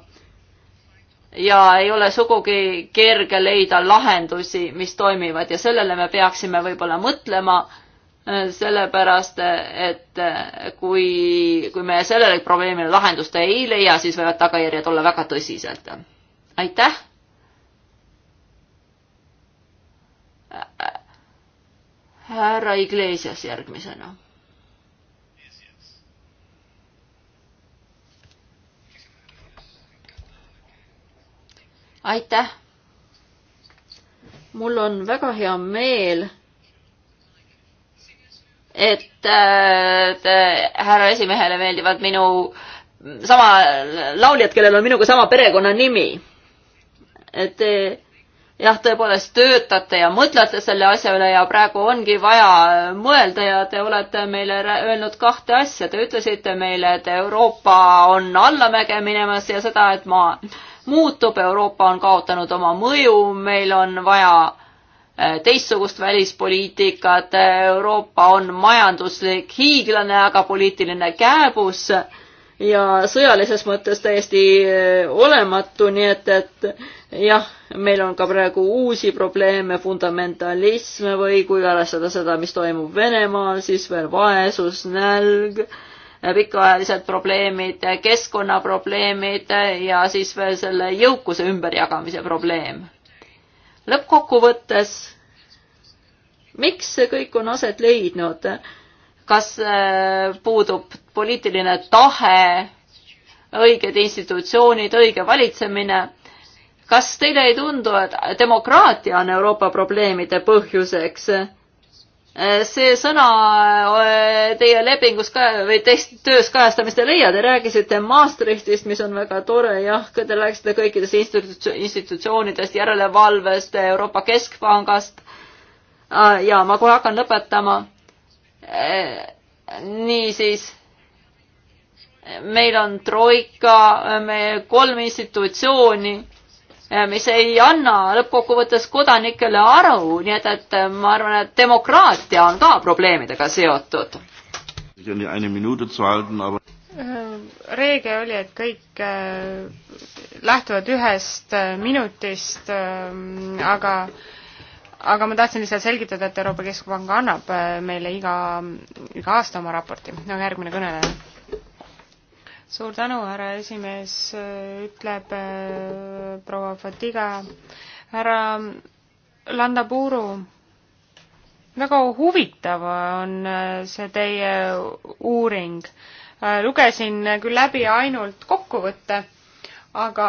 S3: ja ei ole sugugi kerge leida lahendusi, mis toimivad ja sellele me peaksime võib-olla mõtlema Äh, sellepärast, et äh, kui, kui me sellele probleemile lahendust ei leia, siis võivad tagajärjed olla väga tõsised. aitäh. härra Iglesias järgmisena. aitäh. mul on väga hea meel et härra esimehele meeldivad minu sama lauljad, kellel on minuga sama perekonnanimi. et jah, tõepoolest töötate ja mõtlete selle asja üle ja praegu ongi vaja mõelda ja te olete meile öelnud kahte asja. Te ütlesite meile, et Euroopa on allamäge minemas ja seda, et maa muutub, Euroopa on kaotanud oma mõju, meil on vaja Äh, teistsugust välispoliitikat, Euroopa on majanduslik hiiglane, aga poliitiline kääbus ja sõjalises mõttes täiesti äh, olematu, nii et, et jah, meil on ka praegu uusi probleeme, fundamentalism või kui arvestada seda, mis toimub Venemaal, siis veel vaesus, nälg, pikaajalised probleemid, keskkonnaprobleemid ja siis veel selle jõukuse ümberjagamise probleem lõppkokkuvõttes, miks see kõik on aset leidnud? kas äh, puudub poliitiline tahe, õiged institutsioonid, õige valitsemine? kas teile ei tundu, et demokraatia on Euroopa probleemide põhjuseks? Eh, see sõna eh, teie lepingus ka või teist töös kajastamist ei leia, te rääkisite Maastrichtist, mis on väga tore, jah, te rääkisite kõikidest institutsioonidest, institutsioonidest, järelevalvest, Euroopa Keskpangast. Ah, ja ma kohe hakkan lõpetama. Eh, niisiis, meil on troika, me kolm institutsiooni Äh, mis ei anna lõppkokkuvõttes kodanikele aru, nii et, et äh, ma arvan, et demokraatia on ka probleemidega
S2: seotud.
S1: Äh, reegel oli, et kõik lähtuvad ühest minutist, aga aga ma tahtsin lihtsalt selgitada, et Euroopa Keskpank annab meile iga, iga aasta oma raporti. no järgmine kõneleja suur tänu, härra esimees, ütleb äh, proua Fatiga. härra Landapuru, väga huvitav on äh, see teie uuring. Äh, lugesin küll läbi ainult kokkuvõtte, aga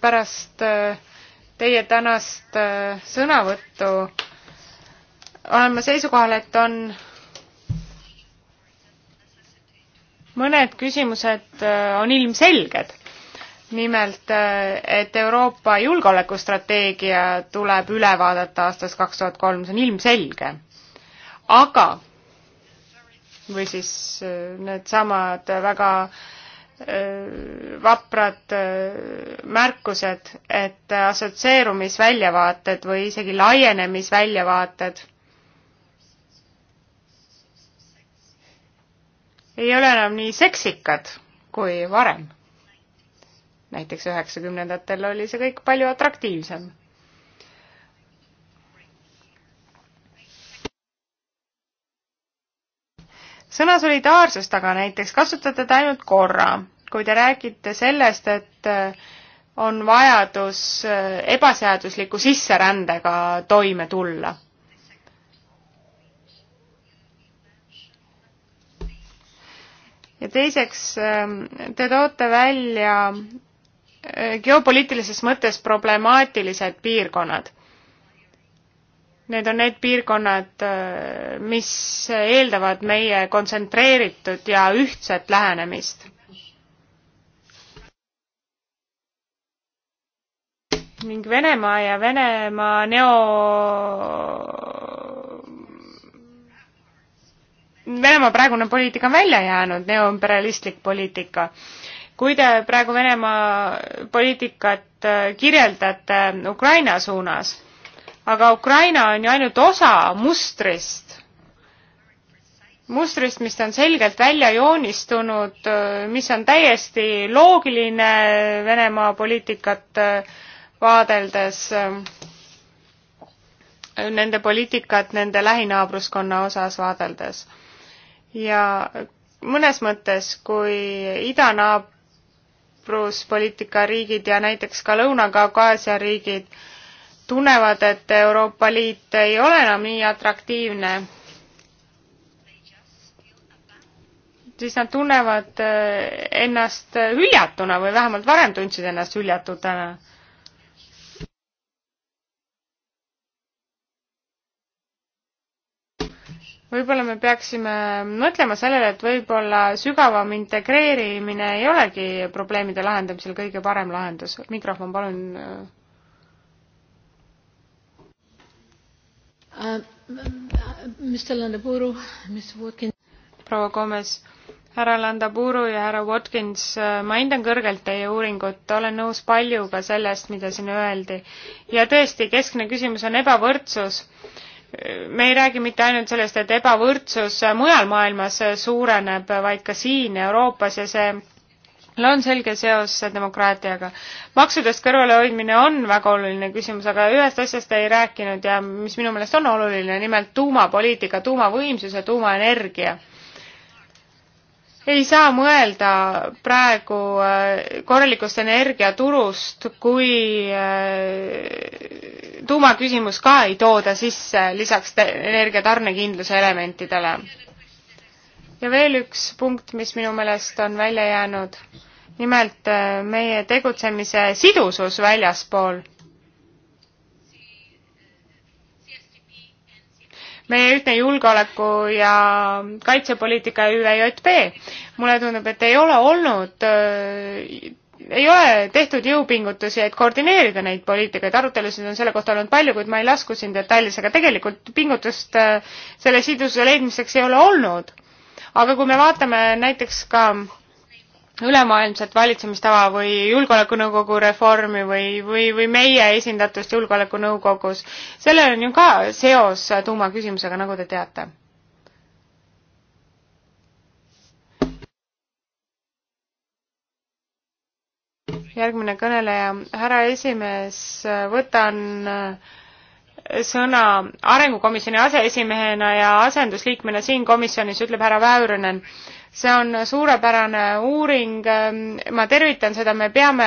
S1: pärast teie tänast sõnavõttu olen ma seisukohal, et on mõned küsimused äh, on ilmselged. nimelt, äh, et Euroopa julgeolekustrateegia tuleb üle vaadata aastast kaks tuhat kolm, see on ilmselge. aga, või siis äh, needsamad väga vaprad märkused, et assotsieerumisväljavaated või isegi laienemisväljavaated ei ole enam nii seksikad kui varem. näiteks üheksakümnendatel oli see kõik palju atraktiivsem. sõna solidaarsust aga näiteks kasutate te ainult korra, kui te räägite sellest, et äh, on vajadus äh, ebaseadusliku sisserändega toime tulla ja teiseks, ähm, te toote välja äh, geopoliitilises mõttes problemaatilised piirkonnad. Need on need piirkonnad, äh, mis eeldavad meie kontsentreeritud ja ühtset lähenemist. ning Venemaa ja Venemaa neo Venemaa praegune poliitika on välja jäänud, neoimperialistlik poliitika. kui te praegu Venemaa poliitikat äh, kirjeldate Ukraina suunas, aga Ukraina on ju ainult osa mustrist, mustrist, mis on selgelt välja joonistunud, äh, mis on täiesti loogiline Venemaa poliitikat äh, vaadeldes, nende poliitikat nende lähinaabruskonna osas vaadeldes ja mõnes mõttes, kui idanaabruspoliitika riigid ja näiteks ka Lõuna-Kaukaasia riigid tunnevad, et Euroopa Liit ei ole enam nii atraktiivne, siis nad tunnevad äh, ennast hüljatuna äh, või vähemalt varem tundsid ennast hüljatutena võib-olla me peaksime mõtlema sellele, et võib-olla sügavam integreerimine ei olegi probleemide lahendamisel kõige parem lahendus. mikrofon, palun. Uh, proua Gomes, härra Landaburu ja härra Watkins, uh, ma hindan kõrgelt teie uuringut, olen nõus paljuga sellest, mida siin öeldi. ja tõesti, keskne küsimus on ebavõrdsus me ei räägi mitte ainult sellest, et ebavõrdsus mujal maailmas suureneb, vaid ka siin Euroopas ja see on selge seos demokraatiaga. maksudest kõrvalehoidmine on väga oluline küsimus, aga ühest asjast ei rääkinud ja mis minu meelest on oluline, nimelt tuumapoliitika, tuumavõimsus ja tuumaenergia. ei saa mõelda praegu äh, korralikust energiaturust kui äh, tuumaküsimus ka ei tooda sisse lisaks energia tarnekindluse elementidele. ja veel üks punkt, mis minu meelest on välja jäänud, nimelt äh, meie tegutsemise sidusus väljaspool. meie ühtne julgeoleku ja kaitsepoliitika ÜVJP, mulle tundub, et ei ole olnud äh, ei ole tehtud jõupingutusi, et koordineerida neid poliitikaid, arutelusid on selle kohta olnud palju, kuid ma ei lasku siin detailides, aga tegelikult pingutust äh, selle sidususe leidmiseks ei ole olnud. aga kui me vaatame näiteks ka ülemaailmset valitsemistava või julgeolekunõukogu reformi või, või, või meie esindatust julgeolekunõukogus, sellel on ju ka seos tuumaküsimusega, nagu te teate järgmine kõneleja. härra esimees, võtan sõna arengukomisjoni aseesimehena ja asendusliikmena siin komisjonis, ütleb härra Väürinen. see on suurepärane uuring, ma tervitan seda, me peame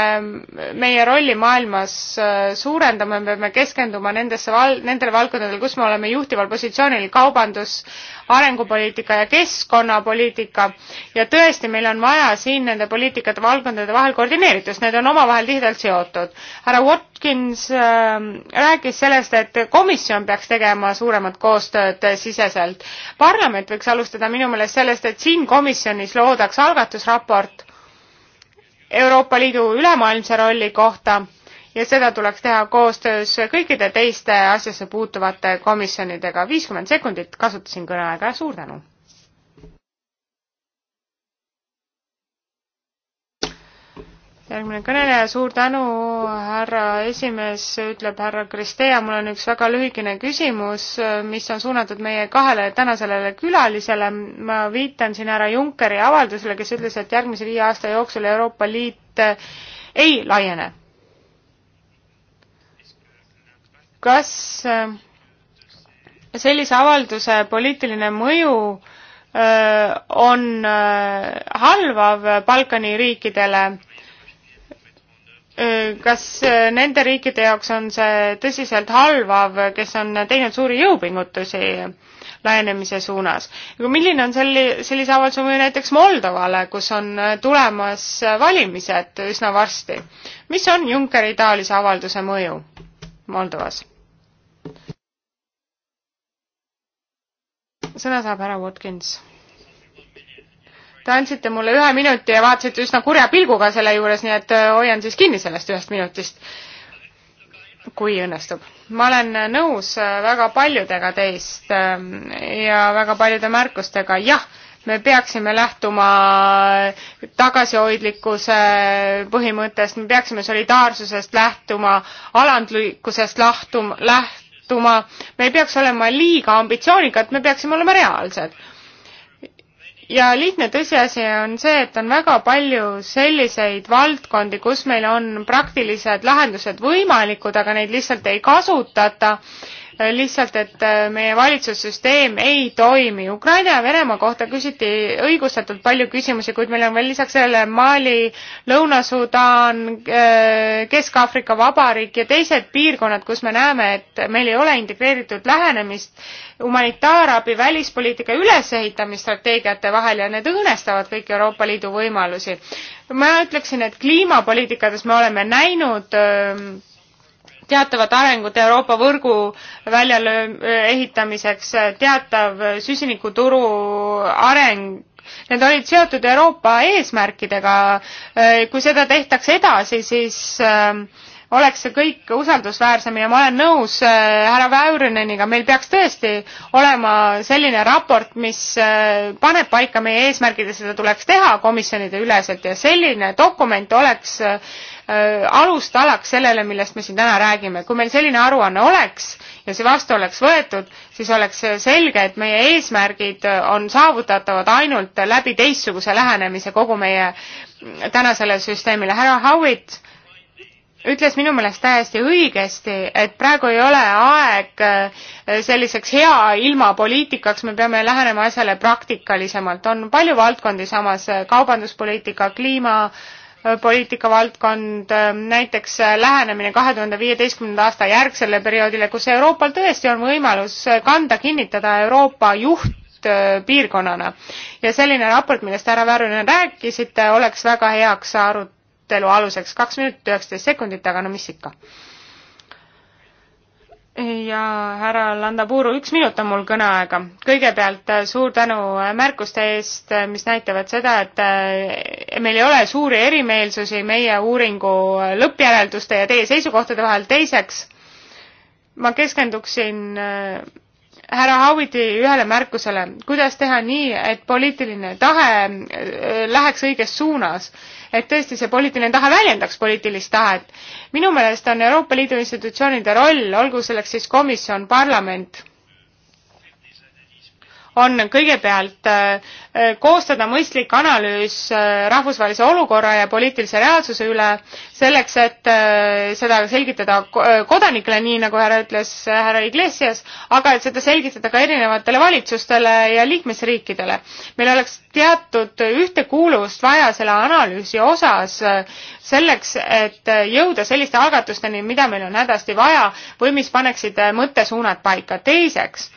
S1: meie rolli maailmas suurendama, me peame keskenduma nendesse val-, nendele valdkondadele, kus me oleme juhtival positsioonil, kaubandus, arengupoliitika ja keskkonnapoliitika ja tõesti, meil on vaja siin nende poliitikate valdkondade vahel koordineeritust, need on omavahel tihedalt seotud. härra Watkins äh, rääkis sellest, et komisjon peaks tegema suuremat koostööd äh, siseselt. parlament võiks alustada minu meelest sellest, et siin komisjonis loodaks algatusraport Euroopa Liidu ülemaailmse rolli kohta ja seda tuleks teha koostöös kõikide teiste asjasse puutuvate komisjonidega. viiskümmend sekundit kasutasin kõneaega ja suur tänu! järgmine kõneleja, suur tänu, härra esimees, ütleb härra Kristea, mul on üks väga lühikene küsimus, mis on suunatud meie kahele tänasele külalisele. ma viitan siin härra Junckeri avaldusele, kes ütles, et järgmise viie aasta jooksul Euroopa Liit ei laiene kas äh, sellise avalduse poliitiline mõju äh, on äh, halvav Balkani riikidele? kas nende riikide jaoks on see tõsiselt halvav, kes on teinud suuri jõupingutusi laienemise suunas? milline on selli-, sellise avalduse mõju näiteks Moldovale, kus on tulemas valimised üsna varsti? mis on Junckeri taolise avalduse mõju Moldovas? sõna saab härra Watkins. Te andsite mulle ühe minuti ja vaatasite üsna kurja pilguga selle juures, nii et äh, hoian siis kinni sellest ühest minutist, kui õnnestub. ma olen nõus äh, väga paljudega teist ähm, ja väga paljude märkustega, jah me peaksime lähtuma äh, tagasihoidlikkuse põhimõttest, me peaksime solidaarsusest lähtuma, alandlikkusest lahtum-, läht-, muutuma, me ei peaks olema liiga ambitsioonikad, me peaksime olema reaalsed. ja lihtne tõsiasi on see, et on väga palju selliseid valdkondi, kus meil on praktilised lahendused võimalikud, aga neid lihtsalt ei kasutata Äh, lihtsalt, et äh, meie valitsussüsteem ei toimi. Ukraina ja Venemaa kohta küsiti õigustatult palju küsimusi, kuid meil on veel lisaks sellele Mali, Lõuna-Sudaan, äh, Kesk-Aafrika Vabariik ja teised piirkonnad, kus me näeme, et meil ei ole integreeritud lähenemist humanitaarabi, välispoliitika ülesehitamisstrateegiate vahel ja need õõnestavad kõiki Euroopa Liidu võimalusi. ma ütleksin, et kliimapoliitikates me oleme näinud öö, ähm, teatavat arengut Euroopa võrgu väljalöö äh, ehitamiseks, teatav süsinikuturu areng, need olid seotud Euroopa eesmärkidega. Äh, kui seda tehtaks edasi, siis äh, oleks see kõik usaldusväärsem ja ma olen nõus äh, härra Väürüneniga, meil peaks tõesti olema selline raport, mis äh, paneb paika meie eesmärgid ja seda tuleks teha komisjonide üleselt ja selline dokument oleks äh, alustalaks sellele, millest me siin täna räägime. kui meil selline aruanne oleks ja see vastu oleks võetud, siis oleks selge, et meie eesmärgid on saavutatavad ainult läbi teistsuguse lähenemise kogu meie tänasele süsteemile. härra Howitt ütles minu meelest täiesti õigesti, et praegu ei ole aeg äh, selliseks hea ilma poliitikaks, me peame lähenema asjale praktikalisemalt. on palju valdkondi samas, äh, kaubanduspoliitika, kliimapoliitika valdkond, äh, näiteks lähenemine kahe tuhande viieteistkümnenda aasta järgsele perioodile, kus Euroopal tõesti on võimalus kanda, kinnitada Euroopa juht piirkonnana ja selline raport, millest härra Väärinen rääkisite, oleks väga heaks arut-, arutelu aluseks kaks minutit üheksateist sekundit, aga no mis ikka. ja härra Landapuru, üks minut on mul kõneaega. kõigepealt äh, suur tänu äh, märkuste eest, äh, mis näitavad seda, et meil ei ole suuri erimeelsusi meie uuringu lõppjärelduste ja teie seisukohtade vahel. teiseks, ma keskenduksin härra Howiti ühele märkusele, kuidas teha nii, et poliitiline tahe äh, läheks õiges suunas, et tõesti see poliitiline tahe väljendaks poliitilist tahet. minu meelest on Euroopa Liidu institutsioonide roll, olgu selleks siis komisjon, parlament on kõigepealt äh, äh, koostada mõistlik analüüs äh, rahvusvahelise olukorra ja poliitilise reaalsuse üle, selleks et seda selgitada kodanikele, nii nagu härra ütles härra Iglesias, aga et seda selgitada ka erinevatele valitsustele ja liikmesriikidele. meil oleks teatud ühtekuuluvust vaja selle analüüsi osas selleks, et jõuda selliste algatusteni, mida meil on hädasti vaja või mis paneksid mõttesuunad paika. teiseks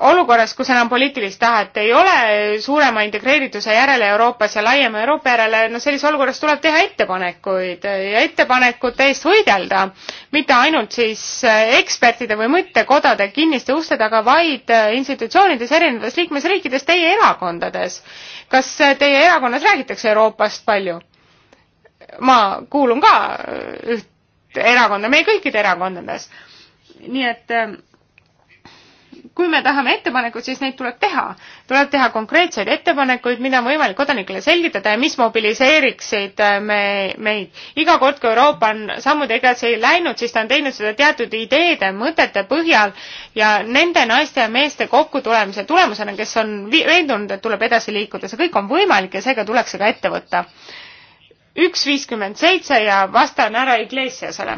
S1: olukorras, kus enam poliitilist tahet ei ole suurema integreerituse järele Euroopas ja laiema Euroopa järele, no sellises olukorras tuleb teha ettepanekuid ja ettepanekute eest võidelda. mitte ainult siis ekspertide või mõttekodade kinniste uste taga, vaid institutsioonides erinevates liikmesriikides, teie erakondades. kas teie erakonnas räägitakse Euroopast palju? ma kuulun ka üht erakonda, meie kõikide erakondades. nii et kui me tahame ettepanekuid, siis neid tuleb teha. tuleb teha konkreetseid ettepanekuid, mida on võimalik kodanikele selgitada ja mis mobiliseeriksid äh, me, meid. iga kord, kui Euroopa on sammude edasi läinud, siis ta on teinud seda teatud ideede, mõtete põhjal ja nende naiste ja meeste kokkutulemise tulemusena, kes on veendunud, et tuleb edasi liikuda, see kõik on võimalik ja seega tuleks see ka ette võtta üks viiskümmend seitse ja vastan härra Iglesiasele.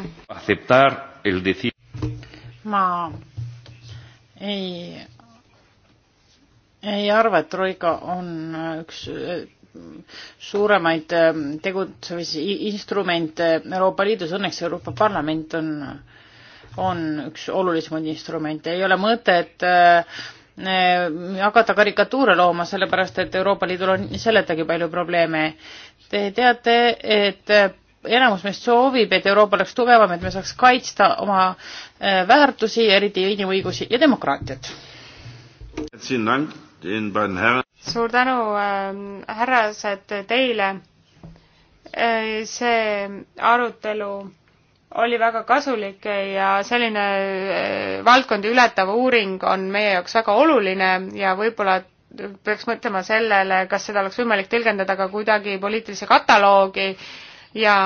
S1: ma
S2: ei, ei arva, et Troika on äh, üks äh, suuremaid ähm, tegutsemisinstrumente Euroopa Liidus, õnneks Euroopa Parlament on, on üks olulisemaid instrumente, ei ole mõtet äh, äh hakata karikatuure looma, sellepärast et Euroopa Liidul on seletagi palju probleeme. Te teate, et enamus meist soovib, et Euroopa oleks tugevam, et me saaks kaitsta oma äh, väärtusi, eriti inimõigusi ja demokraatiat.
S1: suur tänu äh,, härrased, teile. Äh, see arutelu oli väga kasulik ja selline äh, valdkondi ületav uuring on meie jaoks väga oluline ja võib-olla peaks mõtlema sellele, kas seda oleks võimalik tõlgendada ka kuidagi poliitilise kataloogi äh, ja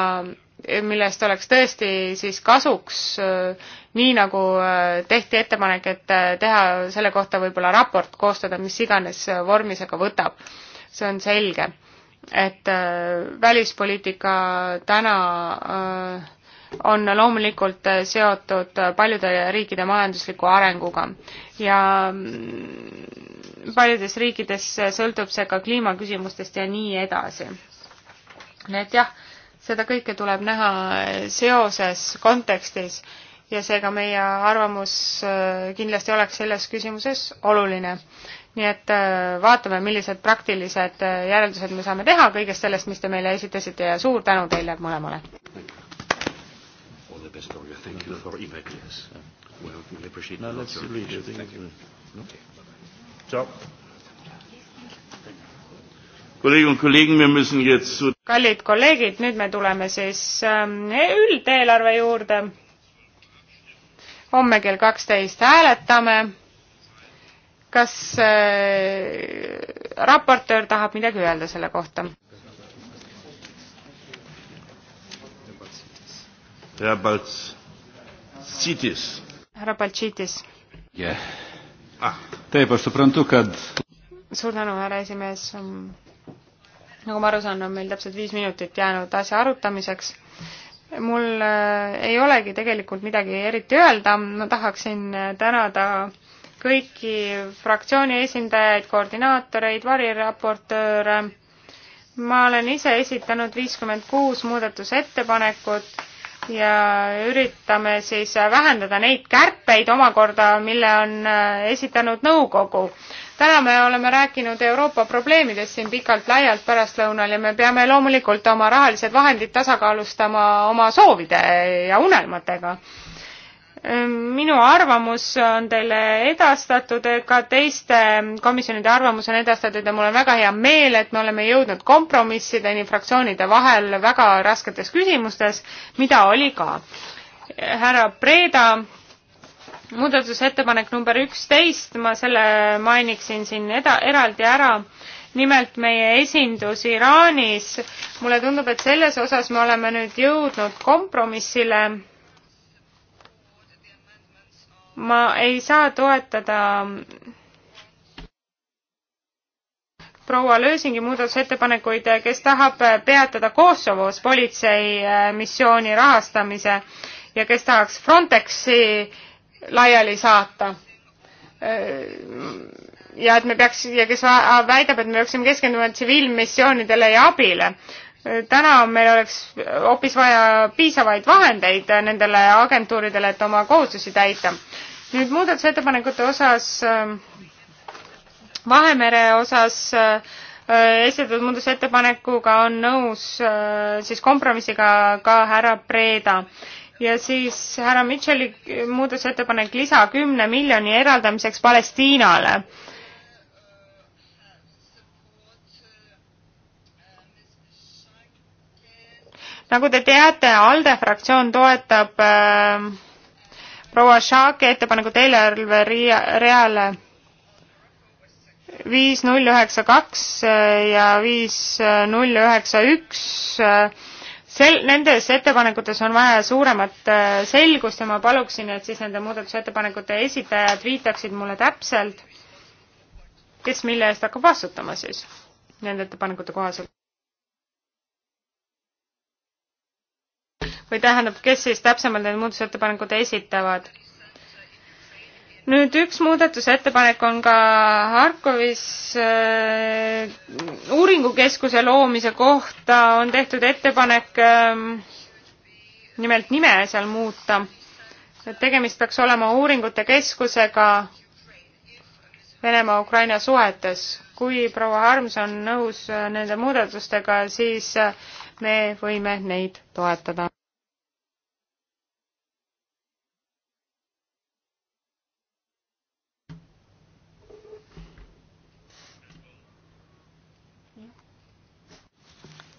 S1: millest oleks tõesti siis kasuks, äh, nii nagu äh, tehti ettepanek, et äh, teha selle kohta võib-olla raport koostada, mis iganes vormi see ka võtab. see on selge, et välispoliitika täna on loomulikult seotud paljude riikide majandusliku arenguga ja mm, paljudes riikides sõltub see ka kliimaküsimustest ja nii edasi. nii et jah seda kõike tuleb näha seoses, kontekstis ja seega meie arvamus äh, kindlasti oleks selles küsimuses oluline. nii et äh, vaatame, millised praktilised äh, järeldused me saame teha kõigest sellest, mis te meile esitasite ja suur tänu teile mõlemale.
S2: All the best for you. Thank you for inviting us. We really appreciate no, let's leave it. Thank you.
S1: Okay. Ciao. Kolleginnen und Kollegen, wir müssen jetzt zu kallid kolleegid, nüüd me tuleme siis ähm, üldeelarve juurde. homme kell kaksteist hääletame. kas äh, raportöör tahab midagi öelda selle kohta?
S2: härra Baltsitis.
S1: härra Baltsitis.
S2: jah yeah.. Ah. tõepoolest, suprantu, kad
S1: suur tänu, härra esimees nagu ma aru saan, on meil täpselt viis minutit jäänud asja arutamiseks. mul äh, ei olegi tegelikult midagi eriti öelda, ma tahaksin äh, tänada kõiki fraktsiooni esindajaid, koordinaatoreid, variraportööre, ma olen ise esitanud viiskümmend kuus muudatusettepanekut ja üritame siis vähendada neid kärpeid omakorda, mille on äh, esitanud nõukogu täna me oleme rääkinud Euroopa probleemidest siin pikalt-laialt pärastlõunal ja me peame loomulikult oma rahalised vahendid tasakaalustama oma soovide ja unelmatega. Ehm, minu arvamus on teile edastatud, ka teiste komisjonide arvamus on edastatud ja mul on väga hea meel, et me oleme jõudnud kompromissideni fraktsioonide vahel väga rasketes küsimustes, mida oli ka härra Preda muudatusettepanek number üksteist, ma selle mainiksin siin eda-, eraldi ära nimelt meie esindus Iraanis. mulle tundub, et selles osas me oleme nüüd jõudnud kompromissile. ma ei saa toetada proua Lösingi muudatusettepanekuid, kes tahab peatada Kosovos politseimissiooni eh, rahastamise ja kes tahaks Frontexi laiali saata. ja et me peaks ja kes äh, väidab, et me peaksime keskenduma tsiviilmissioonidele ja abile. täna meil oleks hoopis vaja piisavaid vahendeid nendele agentuuridele, et oma kohustusi täita. nüüd muudatusettepanekute osas, äh, Vahemere osas äh, esitatud muudatusettepanekuga on nõus siis kompromissiga ka härra Preeda ja siis härra Mitchell'i muudatusettepanek lisa kümne miljoni eraldamiseks Palestiinale. nagu te teate, ALDE fraktsioon toetab äh, proua Šaaki ettepanekut eelarve reale viis null üheksa kaks äh, ja viis äh, null üheksa üks äh, sel-, nendes ettepanekutes on vaja suuremat äh, selgust ja ma paluksin, et siis nende muudatusettepanekute esitajad viitaksid mulle täpselt, kes mille eest hakkab vastutama siis nende ettepanekute kohaselt. või tähendab, kes siis täpsemalt need muudatusettepanekud esitavad nüüd üks muudatusettepanek on ka Harkovis äh, uuringukeskuse loomise kohta on tehtud ettepanek äh, nimelt nime seal muuta. et tegemist peaks olema uuringute keskusega Venemaa-Ukraina suhetes. kui proua Harms on nõus äh, nende muudatustega, siis äh, me võime neid toetada.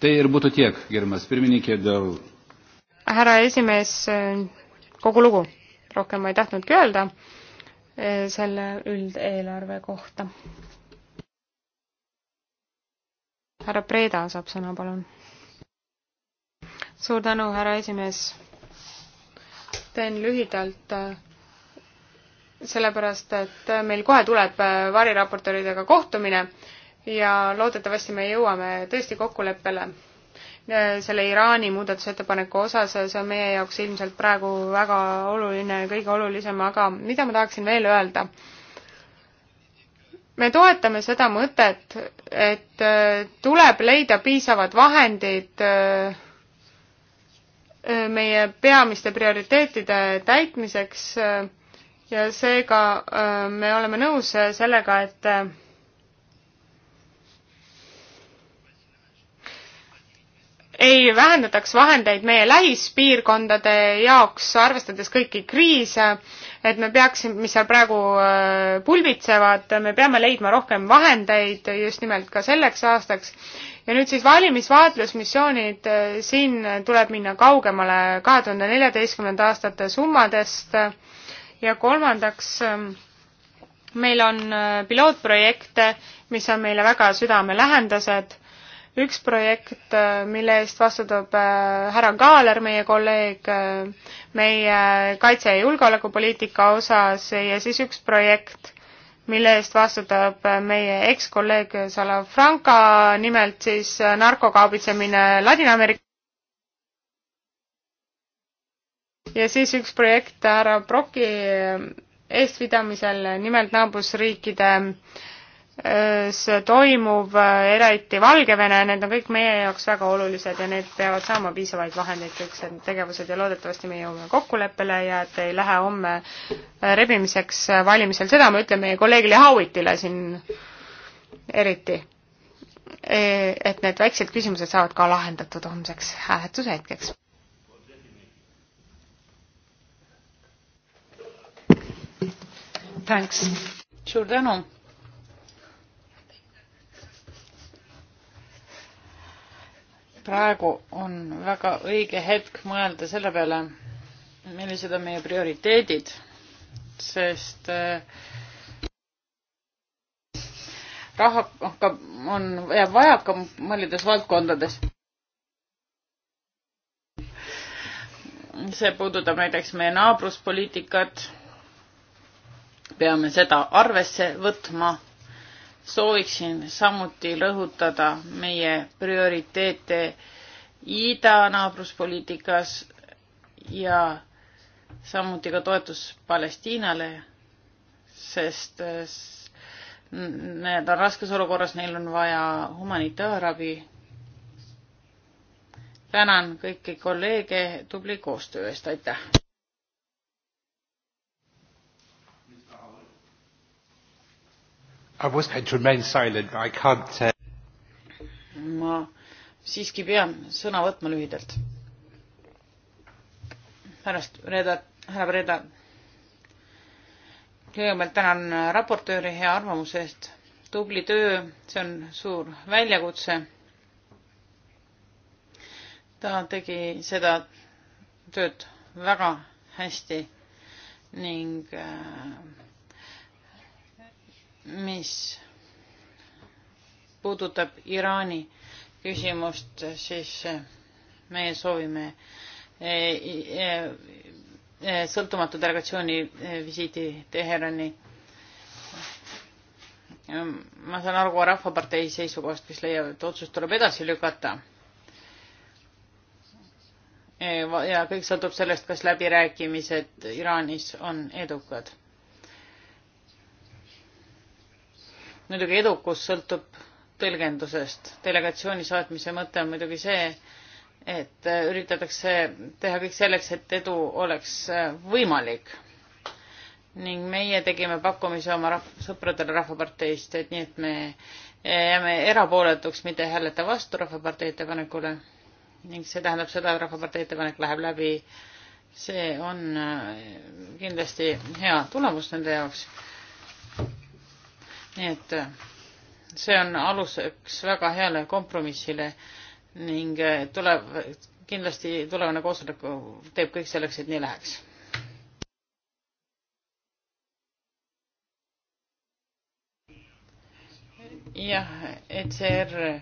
S2: Teie ir būtų tiek, gerbiamas pirmininkė, dėl.
S1: härra esimees, kogu lugu, rohkem ma ei tahtnudki öelda eh, selle üldeelarve kohta. härra Preeda saab sõna, palun. suur tänu, härra esimees. teen lühidalt, eh, sellepärast et meil kohe tuleb eh, variraportööridega kohtumine ja loodetavasti me jõuame tõesti kokkuleppele äh, selle Iraani muudatusettepaneku osas, see on meie jaoks ilmselt praegu väga oluline, kõige olulisem, aga mida ma tahaksin veel öelda? me toetame seda mõtet, et äh, tuleb leida piisavad vahendid äh, meie peamiste prioriteetide täitmiseks ja seega me oleme nõus sellega, et ei vähendataks vahendeid meie lähispiirkondade jaoks, arvestades kõiki kriise, et me peaksime, mis seal praegu äh, pulbitsevad, me peame leidma rohkem vahendeid just nimelt ka selleks aastaks. ja nüüd siis valimisvaatlusmissioonid, äh, siin tuleb minna kaugemale kahe tuhande neljateistkümnenda aastate summadest ja kolmandaks äh, meil on pilootprojekte, mis on meile väga südamelähendased üks projekt, äh, mille eest vastutab äh, härra Kaaler, meie kolleeg, äh, meie kaitse- ja julgeolekupoliitika osas ja siis üks projekt, mille eest vastutab meie ekskolleeg Salafranca, nimelt siis narkokaubitsemine Ladina-Ameerikas. ja siis üks projekt härra Broki eestvedamisel, nimelt naabrusriikide äh, Äh, toimuv, äh, eriti Valgevene, need on kõik meie jaoks väga olulised ja need peavad saama piisavaid vahendeid, kõik need tegevused ja loodetavasti me jõuame kokkuleppele ja et ei lähe homme äh, rebimiseks valimisel, seda ma ütlen meie kolleegile Howitile siin eriti. E, et need väiksed küsimused saavad ka lahendatud homseks hääletuse hetkeks.
S2: suur tänu praegu on väga õige hetk mõelda selle peale, millised on meie prioriteedid, sest äh, raha hakkab, on, jääb vajaka mõnedes valdkondades. see puudutab näiteks meie naabruspoliitikat, peame seda arvesse võtma sooviksin samuti rõhutada meie prioriteete idanaabruspoliitikas ja samuti ka toetus Palestiinale, sest äh, need on raskes olukorras, neil on vaja humanitaarabi. tänan kõiki kolleege tubli koostöö eest, aitäh!
S1: I was going to remain silent, I can't uh...
S2: ma siiski pean sõna võtma lühidalt. härrast Reda, härra Reda, kõigepealt tänan raportööri hea arvamuse eest, tubli töö, see on suur väljakutse. ta tegi seda tööd väga hästi ning äh, mis puudutab Iraani küsimust, siis eh, meie soovime eh, eh, sõltumatu delegatsiooni visiidi Teherani. ma saan aru ka Rahvapartei seisukohast, kes leiab, et otsus tuleb edasi lükata. ja kõik sõltub sellest, kas läbirääkimised Iraanis on edukad muidugi edukus sõltub tõlgendusest. delegatsiooni saatmise mõte on muidugi see, et äh, üritatakse teha kõik selleks, et edu oleks äh, võimalik. ning meie tegime pakkumise oma rahv-, sõpradele Rahvaparteist, et nii, et me äh, jääme erapooletuks, mitte ei hääleta vastu Rahvapartei ettepanekule ning see tähendab seda, et Rahvapartei ettepanek läheb läbi. see on kindlasti hea tulemus nende jaoks nii et äh, see on aluseks väga heale kompromissile ning äh, tuleb, kindlasti tulevane koosolek teeb kõik selleks, et nii läheks.
S1: jah, et see R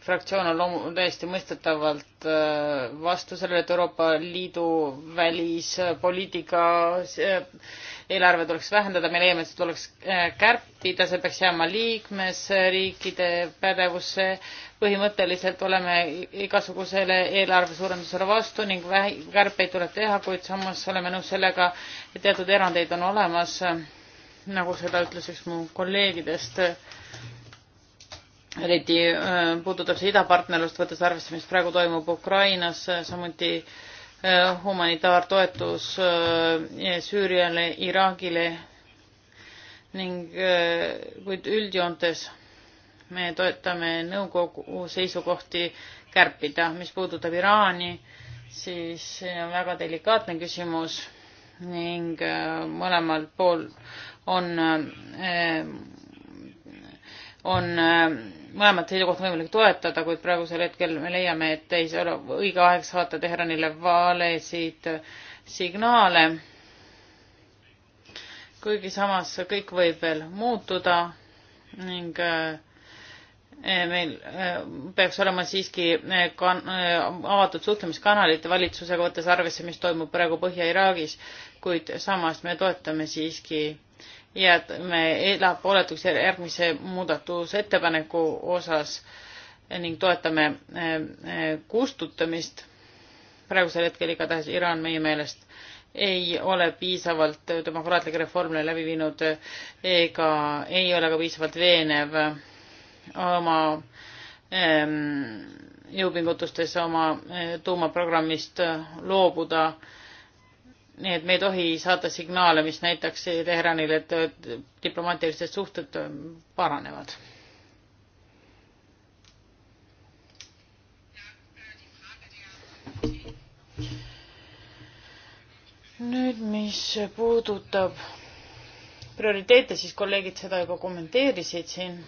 S2: fraktsioon on loomu-, täiesti mõistetavalt äh, vastu sellele, et Euroopa Liidu välispoliitika äh, eelarve tuleks vähendada, me leiame, et see tuleks kärpida, see peaks jääma liikmesriikide pädevusse. põhimõtteliselt oleme igasugusele eelarve suurendusele vastu ning kärpeid tuleb teha, kuid samas oleme nõus sellega, et teatud erandeid on olemas, nagu seda ütles üks mu kolleegidest eriti äh, puudutab see idapartnerlust, võttes arvesse, mis praegu toimub Ukrainas, äh, samuti äh, humanitaartoetus Süüriale, Iraagile ning kuid üldjoontes me toetame nõukogu seisukohti kärpida. mis puudutab Iraani, siis see on väga delikaatne küsimus ning mõlemal pool on on äh, mõlemat seisukohta võimalik toetada, kuid praegusel hetkel me leiame, et ei saa olla õige aeg saata Teheranile valesid signaale. kuigi samas kõik võib veel muutuda ning äh, meil äh, peaks olema siiski kan-, avatud suhtlemiskanalid valitsusega, võttes arvesse, mis toimub praegu Põhja-Iraagis, kuid samas me toetame siiski ja et me elab oletuks järgmise muudatusettepaneku osas ning toetame eh, eh, kustutamist. praegusel hetkel igatahes Iraan meie meelest ei ole piisavalt demokraatlikke reforme läbi viinud ega ei ole ka piisavalt veenev oma ehm, jõupingutustes oma eh, tuumaprogrammist loobuda nii et me ei tohi saada signaale, mis näitaks Teheranile, et diplomaatilised suhted ähm, paranevad. nüüd, mis puudutab prioriteete, siis kolleegid seda juba kommenteerisid siin.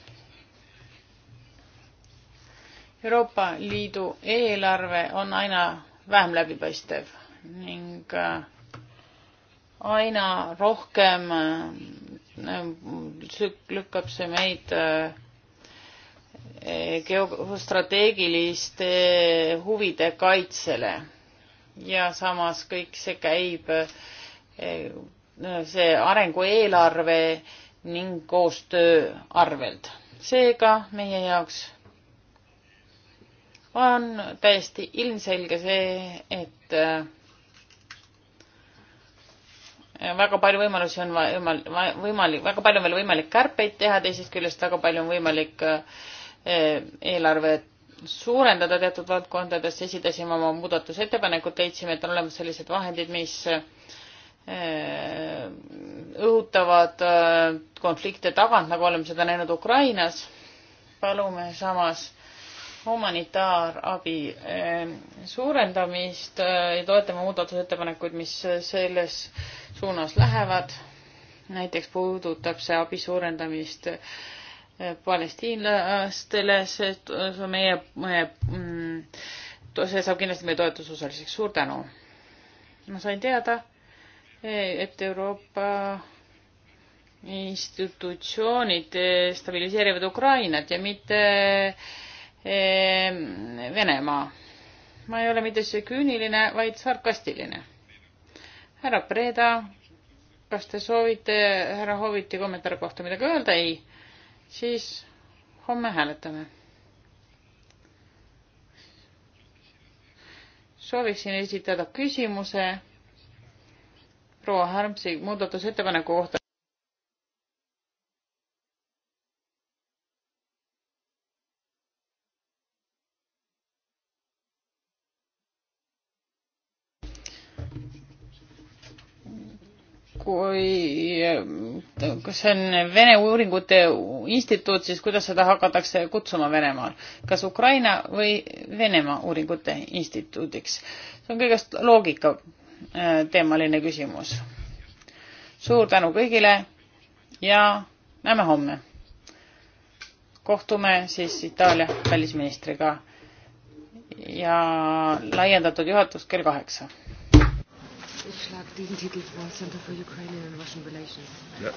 S2: Euroopa Liidu eelarve on aina vähem läbipaistev ning äh, aina rohkem äh, lükkab see meid äh, geostrateegiliste huvide kaitsele ja samas kõik see käib, äh, see arengueelarve ning koostöö arvelt. seega meie jaoks on täiesti ilmselge see, et väga palju võimalusi on võimalik, võimalik, väga palju on veel võimalik kärpeid teha, teisest küljest väga palju on võimalik eh, eelarvet suurendada teatud valdkondades, esitasime oma muudatusettepanekud, leidsime, et on olemas sellised vahendid, mis eh, õhutavad eh, konflikte tagant, nagu oleme seda näinud Ukrainas. palume samas humanitaarabi ähm, suurendamist äh, ja toetame muudatusettepanekuid, mis selles suunas lähevad. näiteks puudutab see abi suurendamist äh, palestiinlastele, see meie, meie, mm, see saab kindlasti meie toetuse osaliseks, suur tänu. ma sain teada, e, et Euroopa institutsioonid e, stabiliseerivad Ukrainat ja mitte äh, Ehm, Venemaa. ma ei ole mitte küüniline, vaid sarkastiline. härra Preda, kas te soovite härra Hoviti kommentaari kohta midagi öelda? ei. siis homme hääletame. sooviksin esitada küsimuse proua Härmsi muudatusettepaneku kohta. kui kas see on Vene uuringute instituut, siis kuidas seda hakatakse kutsuma Venemaal, kas Ukraina või Venemaa uuringute instituudiks? see on kõigest loogika äh, teemaline küsimus. suur tänu kõigile ja näeme homme. kohtume siis Itaalia välisministriga ja laiendatud juhatus kell kaheksa.
S1: Ich schlage diesen Titel vor, Center for Ukrainian and Russian Relations. Ja.